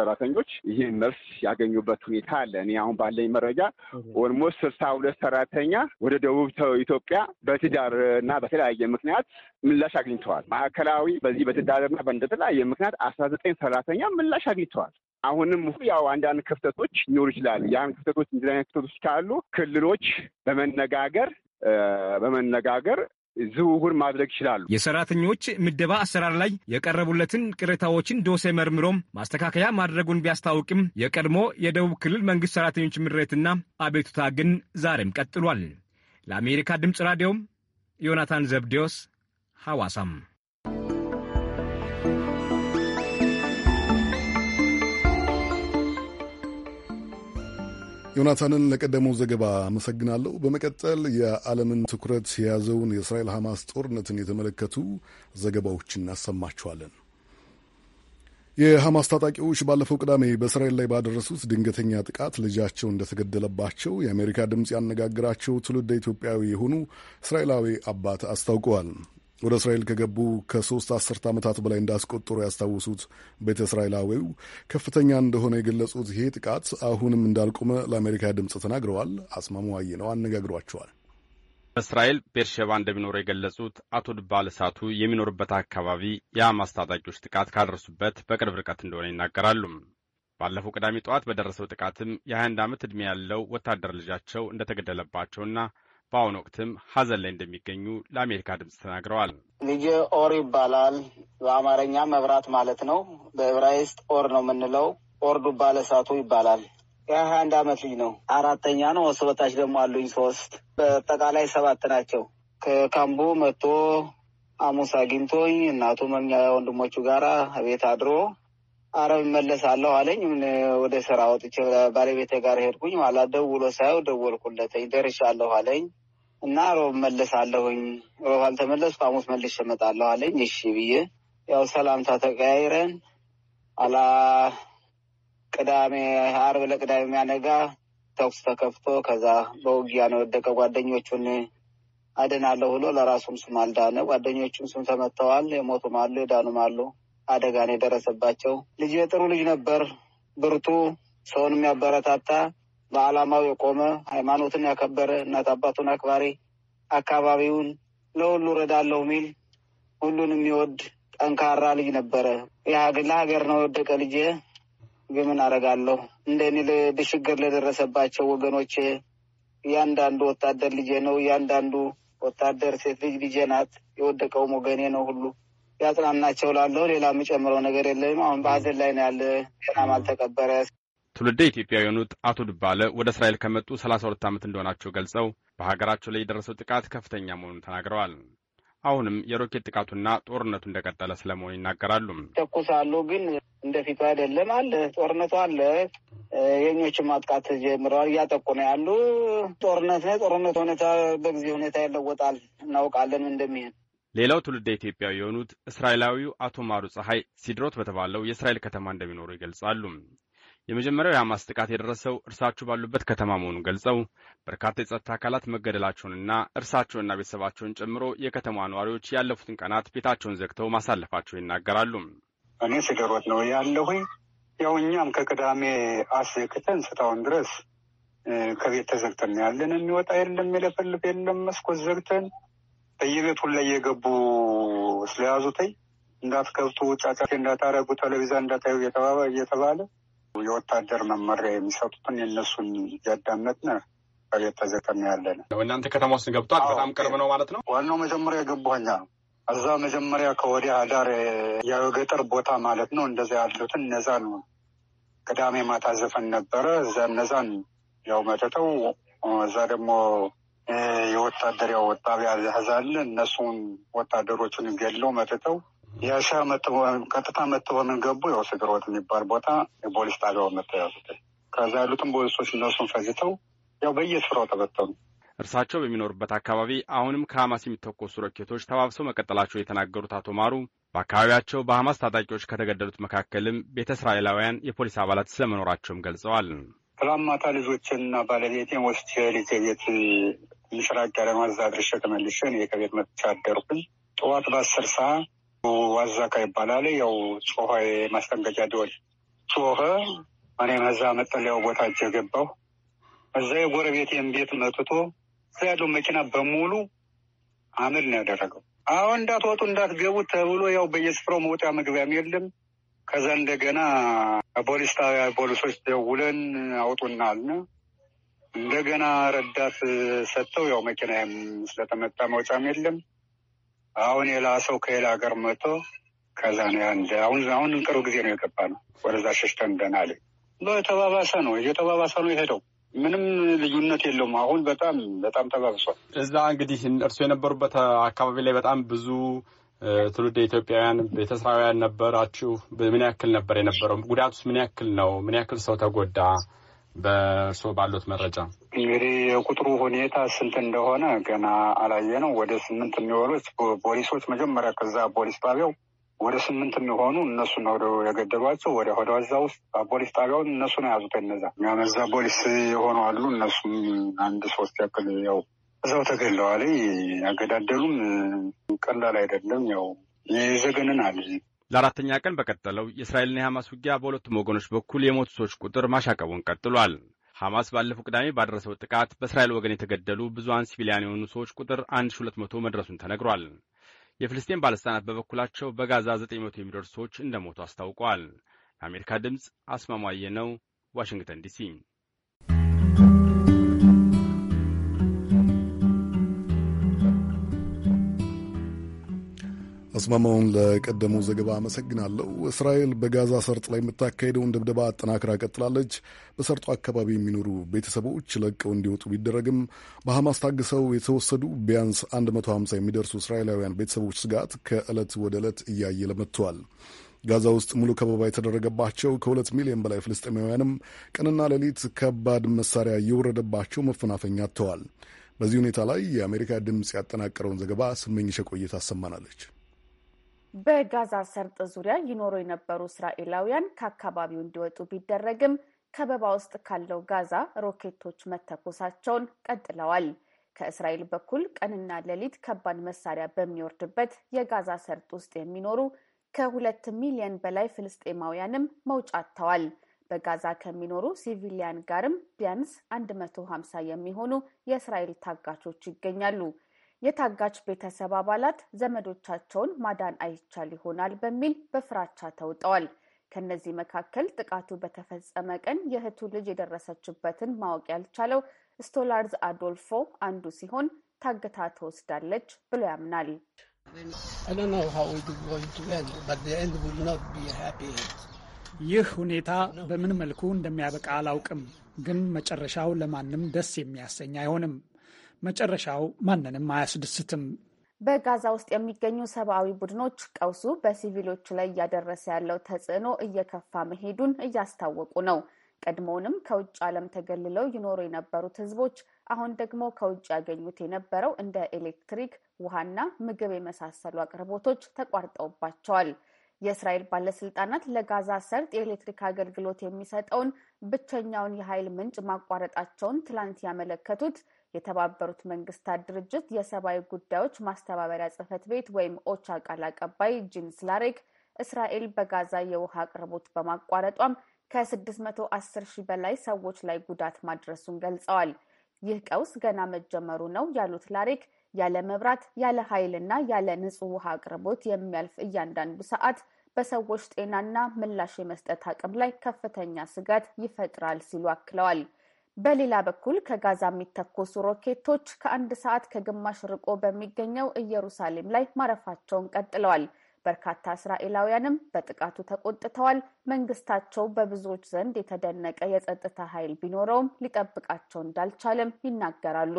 ሰራተኞች ይህን መልስ ያገኙበት ሁኔታ አለ። እኔ አሁን ባለኝ መረጃ ኦልሞስት ስልሳ ሁለት ሰራተኛ ወደ ደቡብ ኢትዮጵያ በትዳር እና በተለያየ ምክንያት ምላሽ አግኝተዋል። ማዕከላዊ በዚህ በትዳርና በተለያየ ምክንያት አስራ ዘጠኝ ሰራተኛ ምላሽ አግኝተዋል። አሁንም ያው አንዳንድ ክፍተቶች ሊኖሩ ይችላሉ። ያን ክፍተቶች እንደዚህ አይነት ክፍተቶች ካሉ ክልሎች በመነጋገር በመነጋገር ዝውውር ማድረግ ይችላሉ። የሰራተኞች ምደባ አሰራር ላይ የቀረቡለትን ቅሬታዎችን ዶሴ መርምሮም ማስተካከያ ማድረጉን ቢያስታውቅም የቀድሞ የደቡብ ክልል መንግስት ሰራተኞች ምሬትና አቤቱታ ግን ዛሬም ቀጥሏል። ለአሜሪካ ድምፅ ራዲዮም ዮናታን ዘብዴዎስ ሐዋሳም ዮናታንን ለቀደመው ዘገባ አመሰግናለሁ። በመቀጠል የዓለምን ትኩረት የያዘውን የእስራኤል ሐማስ ጦርነትን የተመለከቱ ዘገባዎችን እናሰማችኋለን። የሐማስ ታጣቂዎች ባለፈው ቅዳሜ በእስራኤል ላይ ባደረሱት ድንገተኛ ጥቃት ልጃቸው እንደተገደለባቸው የአሜሪካ ድምፅ ያነጋግራቸው ትውልደ ኢትዮጵያዊ የሆኑ እስራኤላዊ አባት አስታውቀዋል። ወደ እስራኤል ከገቡ ከሶስት አስርተ ዓመታት በላይ እንዳስቆጠሩ ያስታውሱት ቤተ እስራኤላዊው ከፍተኛ እንደሆነ የገለጹት ይሄ ጥቃት አሁንም እንዳልቆመ ለአሜሪካ ድምፅ ተናግረዋል። አየ ነው አነጋግሯቸዋል። በእስራኤል ቤርሸባ እንደሚኖሩ የገለጹት አቶ ድባለ እሳቱ የሚኖሩበት አካባቢ የሐማስ ታጣቂዎች ጥቃት ካደረሱበት በቅርብ ርቀት እንደሆነ ይናገራሉ። ባለፈው ቅዳሜ ጠዋት በደረሰው ጥቃትም የ21 ዓመት ዕድሜ ያለው ወታደር ልጃቸው እንደተገደለባቸውና በአሁኑ ወቅትም ሀዘን ላይ እንደሚገኙ ለአሜሪካ ድምፅ ተናግረዋል። ልጅ ኦር ይባላል። በአማርኛ መብራት ማለት ነው። በዕብራይስጥ ኦር ነው የምንለው። ኦር ዱባለ እሳቱ ይባላል። የሀያ አንድ አመት ልጅ ነው። አራተኛ ነው። እሱ በታች ደግሞ አሉኝ ሶስት፣ በአጠቃላይ ሰባት ናቸው። ከካምቦ መጥቶ አሙስ አግኝቶኝ እናቱ መኛ ወንድሞቹ ጋር ቤት አድሮ አረብ እመለሳለሁ አለኝ። ምን ወደ ስራ ወጥቼ ባለቤቴ ጋር ሄድኩኝ። ኋላ ደውሎ ሳየው ደወልኩለት፣ ደርሻለሁ አለኝ። እና ሮብ መለሳለሁኝ። ሮብ አልተመለስኩ ሐሙስ መልስ እመጣለሁ አለኝ። እሺ ብዬ ያው ሰላምታ ተቀያይረን አላ ቅዳሜ አርብ ለቅዳሜ የሚያነጋ ተኩስ ተከፍቶ ከዛ በውጊያ ነው የወደቀ። ጓደኞቹን አድናለሁ ብሎ ለራሱም ስም አልዳነ። ጓደኞቹም ስም ተመተዋል። የሞቱም አሉ፣ የዳኑም አሉ። አደጋ ነው የደረሰባቸው። ልጅ ጥሩ ልጅ ነበር፣ ብርቱ፣ ሰውን የሚያበረታታ በዓላማው የቆመ ሃይማኖትን ያከበረ እናት አባቱን አክባሪ፣ አካባቢውን ለሁሉ ረዳለሁ ሚል ሁሉን የሚወድ ጠንካራ ልጅ ነበረ። ለሀገር ነው የወደቀ ልጄ ግን ምን አደርጋለሁ። እንደ እኔ ለደረሰባቸው ወገኖች እያንዳንዱ ወታደር ልጄ ነው። እያንዳንዱ ወታደር ሴት ልጅ ልጄ ናት። የወደቀውም ወገኔ ነው። ሁሉ ያጽናናቸው ላለው ሌላ የምጨምረው ነገር የለም። አሁን በሀዘን ላይ ነው ያለ። ገናም አልተቀበረ ትውልደ ኢትዮጵያ የሆኑት አቶ ዱባለ ወደ እስራኤል ከመጡ 32 ዓመት እንደሆናቸው ገልጸው በሀገራቸው ላይ የደረሰው ጥቃት ከፍተኛ መሆኑን ተናግረዋል። አሁንም የሮኬት ጥቃቱና ጦርነቱ እንደቀጠለ ስለመሆኑ ይናገራሉ። ተኩሳሉ፣ ግን እንደፊቱ አይደለም አለ። ጦርነቱ አለ። የኞች ማጥቃት ጀምረዋል። እያጠቁ ነው ያሉ። ጦርነት ነ ጦርነት ሁኔታ በጊዜ ሁኔታ ይለወጣል፣ እናውቃለን እንደሚሄድ ሌላው ትውልደ ኢትዮጵያዊ የሆኑት እስራኤላዊው አቶ ማሩ ፀሐይ ሲድሮት በተባለው የእስራኤል ከተማ እንደሚኖሩ ይገልጻሉ። የመጀመሪያው የሐማስ ጥቃት የደረሰው እርሳቸው ባሉበት ከተማ መሆኑን ገልጸው በርካታ የጸጥታ አካላት መገደላቸውንና እርሳቸውንና ቤተሰባቸውን ጨምሮ የከተማ ነዋሪዎች ያለፉትን ቀናት ቤታቸውን ዘግተው ማሳለፋቸው ይናገራሉ። እኔ ስደሮት ነው ያለሁኝ። ያው እኛም ከቅዳሜ አስክተን ስታውን ድረስ ከቤት ተዘግተን ያለን የሚወጣ የለም፣ የለፈልፍ የለም። መስኮት ዘግተን በየቤቱ ላይ የገቡ ስለያዙተኝ እንዳትገብጡ፣ ጫጫቴ እንዳታረጉ፣ ቴሌቪዥን እንዳታዩ እየተባለ የወታደር መመሪያ የሚሰጡትን የእነሱን እያዳመጥን ከቤት ተዘቀን ያለን። እናንተ ከተማ ውስጥ ገብቷል። በጣም ቅርብ ነው ማለት ነው። ዋናው መጀመሪያ ገቡኛ እዛ መጀመሪያ ከወዲያ አዳር የገጠር ቦታ ማለት ነው። እንደዚ ያሉትን እነዛን ቅዳሜ ማታ ዘፈን ነበረ። እዛ እነዛን ያው መተተው እዛ ደግሞ የወታደር ያው ጣቢያ ያዛል። እነሱን ወታደሮቹን ገለው መተተው የሻ ቀጥታ መጥተ በምን ገቡ ያው የሚባል ቦታ የፖሊስ ጣቢያ መጥተ ያዙት። ከዛ ያሉትም ፖሊሶች እነሱን ፈጅተው ያው በየስፍራው ተበተኑ። እርሳቸው በሚኖሩበት አካባቢ አሁንም ከሀማስ የሚተኮሱ ሮኬቶች ተባብሰው መቀጠላቸው የተናገሩት አቶ ማሩ በአካባቢያቸው በሀማስ ታጣቂዎች ከተገደሉት መካከልም ቤተ እስራኤላውያን የፖሊስ አባላት ስለመኖራቸውም ገልጸዋል። ትናንት ማታ ልጆችንና ባለቤቴን ወስጄ ልጄ ቤት ምሽራቅ ያለማዛ ድርሸ ተመልሼ እኔ ከቤት መጥቻ አደርኩኝ። ጠዋት በአስር ሰዓት ዋዛካ ይባላል። ያው ጮኸ የማስጠንቀቂያ ደወል ጮኸ። እኔም እዛ መጠለያው ቦታ እጀ ገባሁ። እዛ የጎረቤቴን ቤት መጥቶ እዛ ያለው መኪና በሙሉ አመድ ነው ያደረገው። አሁን እንዳትወጡ እንዳትገቡ ተብሎ ያው በየስፍራው መውጫ መግቢያም የለም። ከዛ እንደገና ፖሊስ ጣቢያ ፖሊሶች ደውለን አውጡና አልን። እንደገና ረዳት ሰጥተው ያው መኪናም ስለተመጣ መውጫም የለም አሁን ሌላ ሰው ከሌላ ሀገር መጥቶ ከዛ ነው ያን አሁን አሁን ቅርብ ጊዜ ነው የገባ ነው ወደዛ ሸሽተን ደናል የተባባሰ ነው እየተባባሰ ነው የሄደው። ምንም ልዩነት የለውም። አሁን በጣም በጣም ተባብሷል። እዛ እንግዲህ እርሱ የነበሩበት አካባቢ ላይ በጣም ብዙ ትውልድ ኢትዮጵያውያን ቤተሰባውያን ነበራችሁ። ምን ያክል ነበር የነበረው? ጉዳቱስ ምን ያክል ነው? ምን ያክል ሰው ተጎዳ? በእርሶ ባሉት መረጃ እንግዲህ የቁጥሩ ሁኔታ ስንት እንደሆነ ገና አላየ ነው። ወደ ስምንት የሚሆኑት ፖሊሶች መጀመሪያ ከዛ ፖሊስ ጣቢያው ወደ ስምንት የሚሆኑ እነሱ ነው ወደ የገደሏቸው። ወደ ወደዛ ውስጥ ፖሊስ ጣቢያውን እነሱ ነው የያዙት። እነዛ ያመዛ ፖሊስ የሆኑ አሉ። እነሱም አንድ ሶስት ያክል ያው እዛው ተገለዋል። አገዳደሉም ቀላል አይደለም። ያው ይዘገንናል። ለአራተኛ ቀን በቀጠለው የእስራኤልና የሐማስ ውጊያ በሁለቱም ወገኖች በኩል የሞቱ ሰዎች ቁጥር ማሻቀቡን ቀጥሏል። ሐማስ ባለፈው ቅዳሜ ባደረሰው ጥቃት በእስራኤል ወገን የተገደሉ ብዙን ሲቪሊያን የሆኑ ሰዎች ቁጥር 1200 መድረሱን ተነግሯል። የፍልስጤን ባለሥልጣናት በበኩላቸው በጋዛ 900 የሚደርሱ ሰዎች እንደሞቱ አስታውቋል። ለአሜሪካ ድምፅ አስማማየ ነው፣ ዋሽንግተን ዲሲ አስማማውን ለቀደመው ዘገባ አመሰግናለሁ። እስራኤል በጋዛ ሰርጥ ላይ የምታካሄደውን ድብደባ አጠናክራ ቀጥላለች። በሰርጡ አካባቢ የሚኖሩ ቤተሰቦች ለቀው እንዲወጡ ቢደረግም በሐማስ ታግሰው የተወሰዱ ቢያንስ 150 የሚደርሱ እስራኤላውያን ቤተሰቦች ስጋት ከዕለት ወደ ዕለት እያየለ መጥተዋል። ጋዛ ውስጥ ሙሉ ከበባ የተደረገባቸው ከሁለት ሚሊዮን በላይ ፍልስጤማውያንም ቀንና ሌሊት ከባድ መሳሪያ እየወረደባቸው መፈናፈኛ አጥተዋል። በዚህ ሁኔታ ላይ የአሜሪካ ድምፅ ያጠናቀረውን ዘገባ ስመኝሸ ቆየት አሰማናለች። በጋዛ ሰርጥ ዙሪያ ይኖሩ የነበሩ እስራኤላውያን ከአካባቢው እንዲወጡ ቢደረግም ከበባ ውስጥ ካለው ጋዛ ሮኬቶች መተኮሳቸውን ቀጥለዋል። ከእስራኤል በኩል ቀንና ሌሊት ከባድ መሳሪያ በሚወርድበት የጋዛ ሰርጥ ውስጥ የሚኖሩ ከሁለት ሚሊዮን በላይ ፍልስጤማውያንም መውጫ አጥተዋል። በጋዛ ከሚኖሩ ሲቪሊያን ጋርም ቢያንስ 150 የሚሆኑ የእስራኤል ታጋቾች ይገኛሉ። የታጋች ቤተሰብ አባላት ዘመዶቻቸውን ማዳን አይቻል ይሆናል በሚል በፍራቻ ተውጠዋል። ከነዚህ መካከል ጥቃቱ በተፈጸመ ቀን የእህቱ ልጅ የደረሰችበትን ማወቅ ያልቻለው ስቶላርዝ አዶልፎ አንዱ ሲሆን ታግታ ትወስዳለች ብሎ ያምናል። ይህ ሁኔታ በምን መልኩ እንደሚያበቃ አላውቅም፣ ግን መጨረሻው ለማንም ደስ የሚያሰኝ አይሆንም። መጨረሻው ማንንም አያስደስትም። በጋዛ ውስጥ የሚገኙ ሰብአዊ ቡድኖች ቀውሱ በሲቪሎቹ ላይ እያደረሰ ያለው ተጽዕኖ እየከፋ መሄዱን እያስታወቁ ነው። ቀድሞውንም ከውጭ ዓለም ተገልለው ይኖሩ የነበሩት ህዝቦች አሁን ደግሞ ከውጭ ያገኙት የነበረው እንደ ኤሌክትሪክ፣ ውሃና ምግብ የመሳሰሉ አቅርቦቶች ተቋርጠውባቸዋል። የእስራኤል ባለስልጣናት ለጋዛ ሰርጥ የኤሌክትሪክ አገልግሎት የሚሰጠውን ብቸኛውን የኃይል ምንጭ ማቋረጣቸውን ትላንት ያመለከቱት የተባበሩት መንግስታት ድርጅት የሰብአዊ ጉዳዮች ማስተባበሪያ ጽህፈት ቤት ወይም ኦቻ ቃል አቀባይ ጂን ስላሬግ እስራኤል በጋዛ የውሃ አቅርቦት በማቋረጧም ከ610 ሺህ በላይ ሰዎች ላይ ጉዳት ማድረሱን ገልጸዋል። ይህ ቀውስ ገና መጀመሩ ነው ያሉት ላሬክ ያለ መብራት፣ ያለ ኃይልና ያለ ንጹህ ውሃ አቅርቦት የሚያልፍ እያንዳንዱ ሰዓት በሰዎች ጤናና ምላሽ የመስጠት አቅም ላይ ከፍተኛ ስጋት ይፈጥራል ሲሉ አክለዋል። በሌላ በኩል ከጋዛ የሚተኮሱ ሮኬቶች ከአንድ ሰዓት ከግማሽ ርቆ በሚገኘው ኢየሩሳሌም ላይ ማረፋቸውን ቀጥለዋል። በርካታ እስራኤላውያንም በጥቃቱ ተቆጥተዋል። መንግስታቸው በብዙዎች ዘንድ የተደነቀ የጸጥታ ኃይል ቢኖረውም ሊጠብቃቸው እንዳልቻለም ይናገራሉ።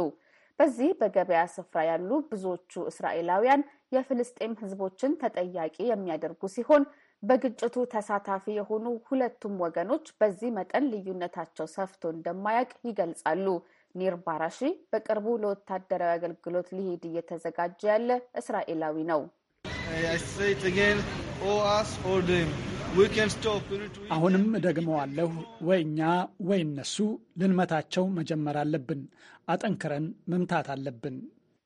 በዚህ በገበያ ስፍራ ያሉ ብዙዎቹ እስራኤላውያን የፍልስጤም ህዝቦችን ተጠያቂ የሚያደርጉ ሲሆን በግጭቱ ተሳታፊ የሆኑ ሁለቱም ወገኖች በዚህ መጠን ልዩነታቸው ሰፍቶ እንደማያውቅ ይገልጻሉ። ኒር ባራሺ በቅርቡ ለወታደራዊ አገልግሎት ሊሄድ እየተዘጋጀ ያለ እስራኤላዊ ነው። አሁንም እደግመዋለሁ፣ ወይ እኛ ወይ እነሱ። ልንመታቸው መጀመር አለብን። አጠንክረን መምታት አለብን።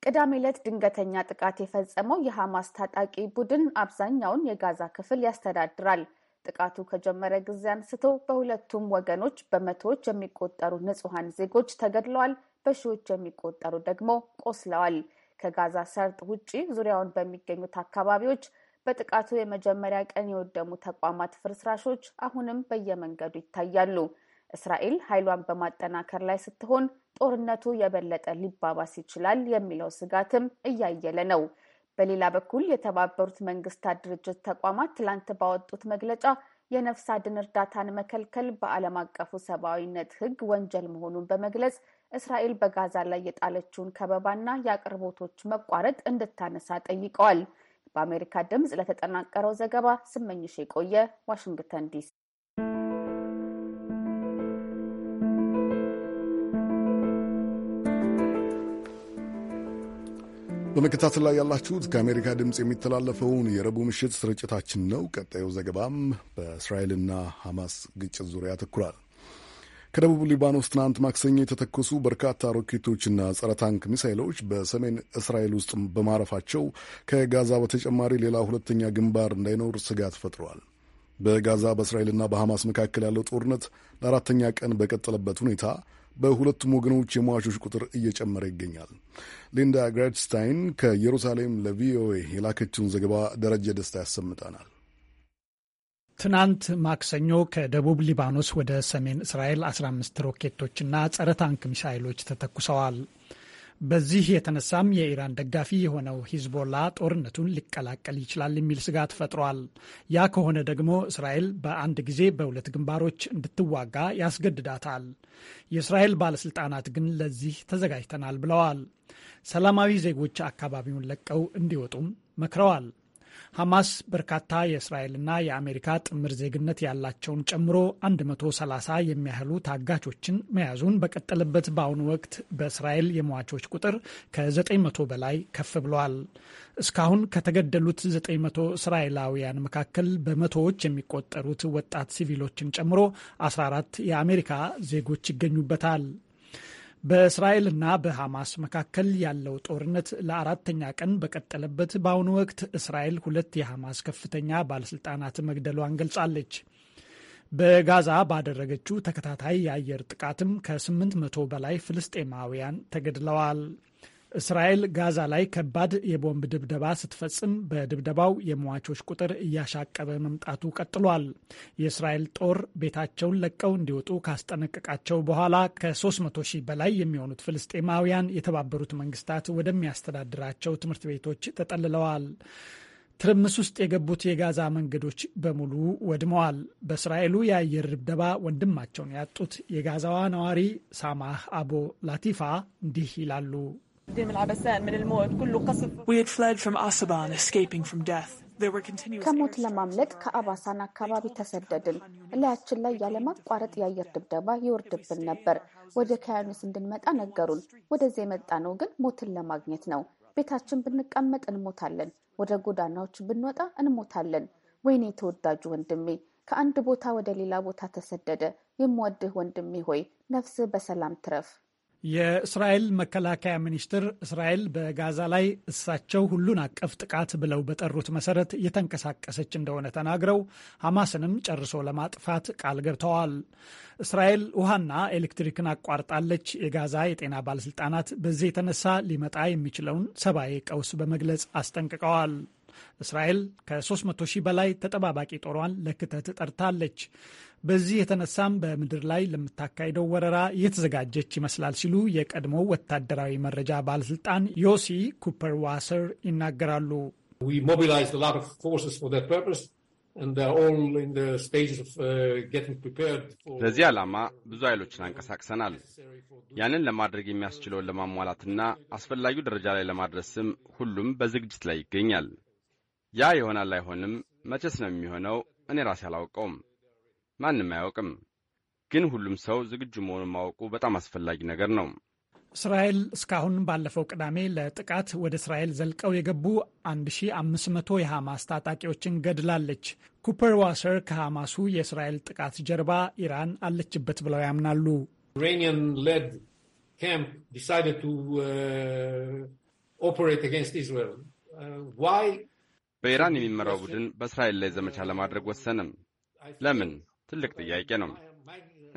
ቅዳሜ ዕለት ድንገተኛ ጥቃት የፈጸመው የሐማስ ታጣቂ ቡድን አብዛኛውን የጋዛ ክፍል ያስተዳድራል። ጥቃቱ ከጀመረ ጊዜ አንስቶ በሁለቱም ወገኖች በመቶዎች የሚቆጠሩ ንጹሐን ዜጎች ተገድለዋል፣ በሺዎች የሚቆጠሩ ደግሞ ቆስለዋል። ከጋዛ ሰርጥ ውጪ ዙሪያውን በሚገኙት አካባቢዎች በጥቃቱ የመጀመሪያ ቀን የወደሙ ተቋማት ፍርስራሾች አሁንም በየመንገዱ ይታያሉ። እስራኤል ኃይሏን በማጠናከር ላይ ስትሆን ጦርነቱ የበለጠ ሊባባስ ይችላል የሚለው ስጋትም እያየለ ነው። በሌላ በኩል የተባበሩት መንግስታት ድርጅት ተቋማት ትላንት ባወጡት መግለጫ የነፍስ አድን እርዳታን መከልከል በዓለም አቀፉ ሰብአዊነት ሕግ ወንጀል መሆኑን በመግለጽ እስራኤል በጋዛ ላይ የጣለችውን ከበባና የአቅርቦቶች መቋረጥ እንድታነሳ ጠይቀዋል። በአሜሪካ ድምፅ ለተጠናቀረው ዘገባ ስመኝሽ የቆየ ዋሽንግተን ዲሲ። በመከታተል ላይ ያላችሁት ከአሜሪካ ድምፅ የሚተላለፈውን የረቡዕ ምሽት ስርጭታችን ነው። ቀጣዩ ዘገባም በእስራኤልና ሐማስ ግጭት ዙሪያ ያተኩራል። ከደቡብ ሊባኖስ ትናንት ማክሰኞ የተተኮሱ በርካታ ሮኬቶችና ጸረ ታንክ ሚሳይሎች በሰሜን እስራኤል ውስጥ በማረፋቸው ከጋዛ በተጨማሪ ሌላ ሁለተኛ ግንባር እንዳይኖር ስጋት ፈጥረዋል። በጋዛ በእስራኤልና በሐማስ መካከል ያለው ጦርነት ለአራተኛ ቀን በቀጠለበት ሁኔታ በሁለቱም ወገኖች የሟቾች ቁጥር እየጨመረ ይገኛል። ሊንዳ ግራድስታይን ከኢየሩሳሌም ለቪኦኤ የላከችውን ዘገባ ደረጀ ደስታ ያሰምጠናል። ትናንት ማክሰኞ ከደቡብ ሊባኖስ ወደ ሰሜን እስራኤል 15 ሮኬቶችና ጸረ ታንክ ሚሳይሎች ተተኩሰዋል። በዚህ የተነሳም የኢራን ደጋፊ የሆነው ሂዝቦላ ጦርነቱን ሊቀላቀል ይችላል የሚል ስጋት ፈጥሯል። ያ ከሆነ ደግሞ እስራኤል በአንድ ጊዜ በሁለት ግንባሮች እንድትዋጋ ያስገድዳታል። የእስራኤል ባለስልጣናት ግን ለዚህ ተዘጋጅተናል ብለዋል። ሰላማዊ ዜጎች አካባቢውን ለቀው እንዲወጡም መክረዋል። ሐማስ በርካታ የእስራኤልና የአሜሪካ ጥምር ዜግነት ያላቸውን ጨምሮ 130 የሚያህሉ ታጋቾችን መያዙን በቀጠለበት በአሁኑ ወቅት በእስራኤል የሟቾች ቁጥር ከ900 በላይ ከፍ ብሏል። እስካሁን ከተገደሉት 900 እስራኤላውያን መካከል በመቶዎች የሚቆጠሩት ወጣት ሲቪሎችን ጨምሮ 14 የአሜሪካ ዜጎች ይገኙበታል። በእስራኤልና በሐማስ መካከል ያለው ጦርነት ለአራተኛ ቀን በቀጠለበት በአሁኑ ወቅት እስራኤል ሁለት የሐማስ ከፍተኛ ባለስልጣናት መግደሏን ገልጻለች። በጋዛ ባደረገችው ተከታታይ የአየር ጥቃትም ከ800 በላይ ፍልስጤማውያን ተገድለዋል። እስራኤል ጋዛ ላይ ከባድ የቦምብ ድብደባ ስትፈጽም በድብደባው የሟቾች ቁጥር እያሻቀበ መምጣቱ ቀጥሏል። የእስራኤል ጦር ቤታቸውን ለቀው እንዲወጡ ካስጠነቀቃቸው በኋላ ከ300 ሺህ በላይ የሚሆኑት ፍልስጤማውያን የተባበሩት መንግስታት ወደሚያስተዳድራቸው ትምህርት ቤቶች ተጠልለዋል። ትርምስ ውስጥ የገቡት የጋዛ መንገዶች በሙሉ ወድመዋል። በእስራኤሉ የአየር ድብደባ ወንድማቸውን ያጡት የጋዛዋ ነዋሪ ሳማህ አቦ ላቲፋ እንዲህ ይላሉ። We had fled from Asaban, escaping from death. ከሞት ለማምለጥ ከአባሳን አካባቢ ተሰደድን። እላያችን ላይ ያለማቋረጥ የአየር ድብደባ ይወርድብን ነበር። ወደ ከያኑስ እንድንመጣ ነገሩን። ወደዚ የመጣ ነው ግን ሞትን ለማግኘት ነው። ቤታችን ብንቀመጥ እንሞታለን። ወደ ጎዳናዎች ብንወጣ እንሞታለን። ወይኔ ተወዳጁ ወንድሜ ከአንድ ቦታ ወደ ሌላ ቦታ ተሰደደ። የምወድህ ወንድሜ ሆይ ነፍስህ በሰላም ትረፍ። የእስራኤል መከላከያ ሚኒስትር እስራኤል በጋዛ ላይ እሳቸው ሁሉን አቀፍ ጥቃት ብለው በጠሩት መሰረት እየተንቀሳቀሰች እንደሆነ ተናግረው ሐማስንም ጨርሶ ለማጥፋት ቃል ገብተዋል። እስራኤል ውሃና ኤሌክትሪክን አቋርጣለች። የጋዛ የጤና ባለስልጣናት በዚህ የተነሳ ሊመጣ የሚችለውን ሰብአዊ ቀውስ በመግለጽ አስጠንቅቀዋል። እስራኤል ከ300 ሺህ በላይ ተጠባባቂ ጦሯን ለክተት ጠርታለች። በዚህ የተነሳም በምድር ላይ ለምታካሄደው ወረራ እየተዘጋጀች ይመስላል ሲሉ የቀድሞ ወታደራዊ መረጃ ባለስልጣን ዮሲ ኩፐር ዋሰር ይናገራሉ። uh, ለዚህ ዓላማ ብዙ ኃይሎችን አንቀሳቅሰናል። ያንን ለማድረግ የሚያስችለውን ለማሟላትና አስፈላጊው ደረጃ ላይ ለማድረስም ሁሉም በዝግጅት ላይ ይገኛል። ያ ይሆናል አይሆንም፣ መቼስ ነው የሚሆነው፣ እኔ ራሴ አላውቀውም። ማንም አያውቅም። ግን ሁሉም ሰው ዝግጁ መሆኑን ማወቁ በጣም አስፈላጊ ነገር ነው። እስራኤል እስካሁን ባለፈው ቅዳሜ ለጥቃት ወደ እስራኤል ዘልቀው የገቡ 1500 የሐማስ ታጣቂዎችን ገድላለች። ኩፐር ዋሰር ከሐማሱ የእስራኤል ጥቃት ጀርባ ኢራን አለችበት ብለው ያምናሉ። በኢራን የሚመራው ቡድን በእስራኤል ላይ ዘመቻ ለማድረግ ወሰንም። ለምን? ትልቅ ጥያቄ ነው።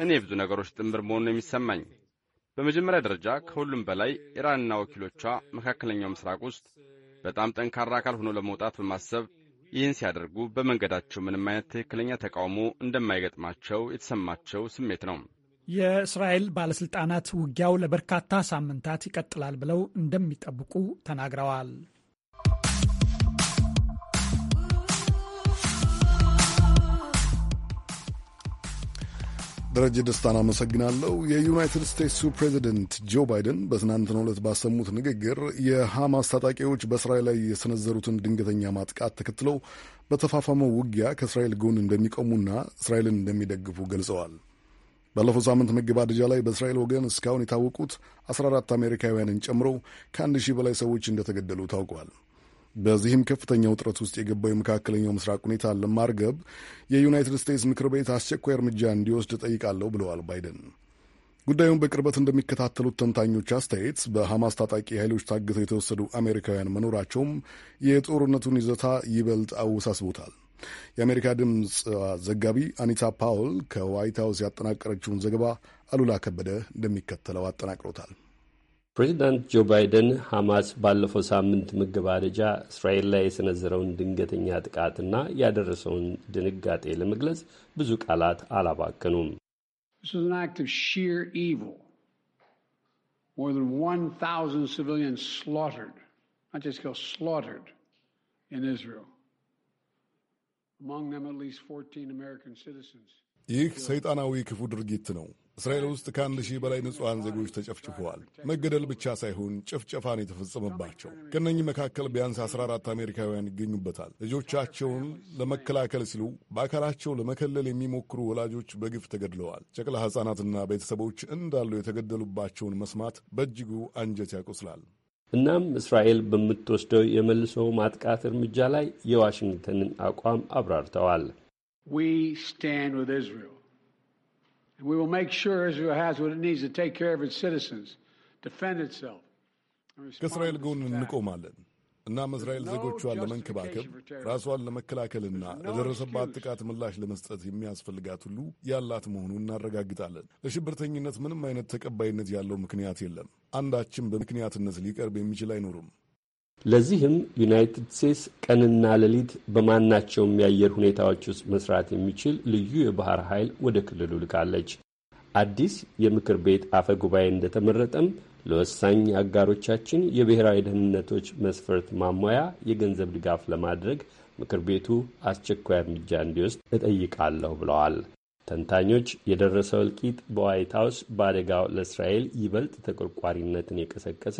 እኔ የብዙ ነገሮች ጥምር መሆኑ የሚሰማኝ በመጀመሪያ ደረጃ ከሁሉም በላይ ኢራንና ወኪሎቿ መካከለኛው ምስራቅ ውስጥ በጣም ጠንካራ አካል ሆኖ ለመውጣት በማሰብ ይህን ሲያደርጉ በመንገዳቸው ምንም አይነት ትክክለኛ ተቃውሞ እንደማይገጥማቸው የተሰማቸው ስሜት ነው። የእስራኤል ባለሥልጣናት ውጊያው ለበርካታ ሳምንታት ይቀጥላል ብለው እንደሚጠብቁ ተናግረዋል። ደረጀ ደስታን አመሰግናለሁ። የዩናይትድ ስቴትሱ ፕሬዚደንት ጆ ባይደን በትናንትናው ዕለት ባሰሙት ንግግር የሐማስ ታጣቂዎች በእስራኤል ላይ የሰነዘሩትን ድንገተኛ ማጥቃት ተከትለው በተፋፋመው ውጊያ ከእስራኤል ጎን እንደሚቆሙና እስራኤልን እንደሚደግፉ ገልጸዋል። ባለፈው ሳምንት መገባደጃ ላይ በእስራኤል ወገን እስካሁን የታወቁት 14 አሜሪካውያንን ጨምሮ ከአንድ ሺህ በላይ ሰዎች እንደተገደሉ ታውቋል። በዚህም ከፍተኛ ውጥረት ውስጥ የገባው የመካከለኛው ምስራቅ ሁኔታ ለማርገብ የዩናይትድ ስቴትስ ምክር ቤት አስቸኳይ እርምጃ እንዲወስድ ጠይቃለሁ ብለዋል ባይደን። ጉዳዩን በቅርበት እንደሚከታተሉት ተንታኞች አስተያየት በሐማስ ታጣቂ ኃይሎች ታግተው የተወሰዱ አሜሪካውያን መኖራቸውም የጦርነቱን ይዘታ ይበልጥ አወሳስቦታል። የአሜሪካ ድምፅ ዘጋቢ አኒታ ፓውል ከዋይት ሀውስ ያጠናቀረችውን ዘገባ አሉላ ከበደ እንደሚከተለው አጠናቅሮታል። ፕሬዚዳንት ጆ ባይደን ሐማስ ባለፈው ሳምንት መገባደጃ እስራኤል ላይ የሰነዘረውን ድንገተኛ ጥቃትና ያደረሰውን ድንጋጤ ለመግለጽ ብዙ ቃላት አላባከኑም። ይህ ሰይጣናዊ ክፉ ድርጊት ነው። እስራኤል ውስጥ ከአንድ ሺህ በላይ ንጹሐን ዜጎች ተጨፍጭፈዋል። መገደል ብቻ ሳይሆን ጭፍጨፋን የተፈጸመባቸው ከእነኚህ መካከል ቢያንስ 14 አሜሪካውያን ይገኙበታል። ልጆቻቸውን ለመከላከል ሲሉ በአካላቸው ለመከለል የሚሞክሩ ወላጆች በግፍ ተገድለዋል። ጨቅላ ሕጻናትና ቤተሰቦች እንዳሉ የተገደሉባቸውን መስማት በእጅጉ አንጀት ያቆስላል። እናም እስራኤል በምትወስደው የመልሶ ማጥቃት እርምጃ ላይ የዋሽንግተንን አቋም አብራርተዋል። We stand with Israel. And we will make sure Israel has what it needs to take care of its citizens, defend itself. ከእስራኤል ጎን እንቆማለን። እናም እስራኤል ዜጎቿን ለመንከባከብ ራሷን ለመከላከልና ለደረሰባት ጥቃት ምላሽ ለመስጠት የሚያስፈልጋት ሁሉ ያላት መሆኑን እናረጋግጣለን። ለሽብርተኝነት ምንም አይነት ተቀባይነት ያለው ምክንያት የለም። አንዳችም በምክንያትነት ሊቀርብ የሚችል አይኖርም። ለዚህም ዩናይትድ ስቴትስ ቀንና ሌሊት በማናቸውም የአየር ሁኔታዎች ውስጥ መስራት የሚችል ልዩ የባህር ኃይል ወደ ክልሉ ልካለች። አዲስ የምክር ቤት አፈ ጉባኤ እንደተመረጠም ለወሳኝ አጋሮቻችን የብሔራዊ ደህንነቶች መስፈርት ማሟያ የገንዘብ ድጋፍ ለማድረግ ምክር ቤቱ አስቸኳይ እርምጃ እንዲወስድ እጠይቃለሁ ብለዋል። ተንታኞች የደረሰው እልቂት በዋይት ሀውስ በአደጋው ለእስራኤል ይበልጥ ተቆርቋሪነትን የቀሰቀሰ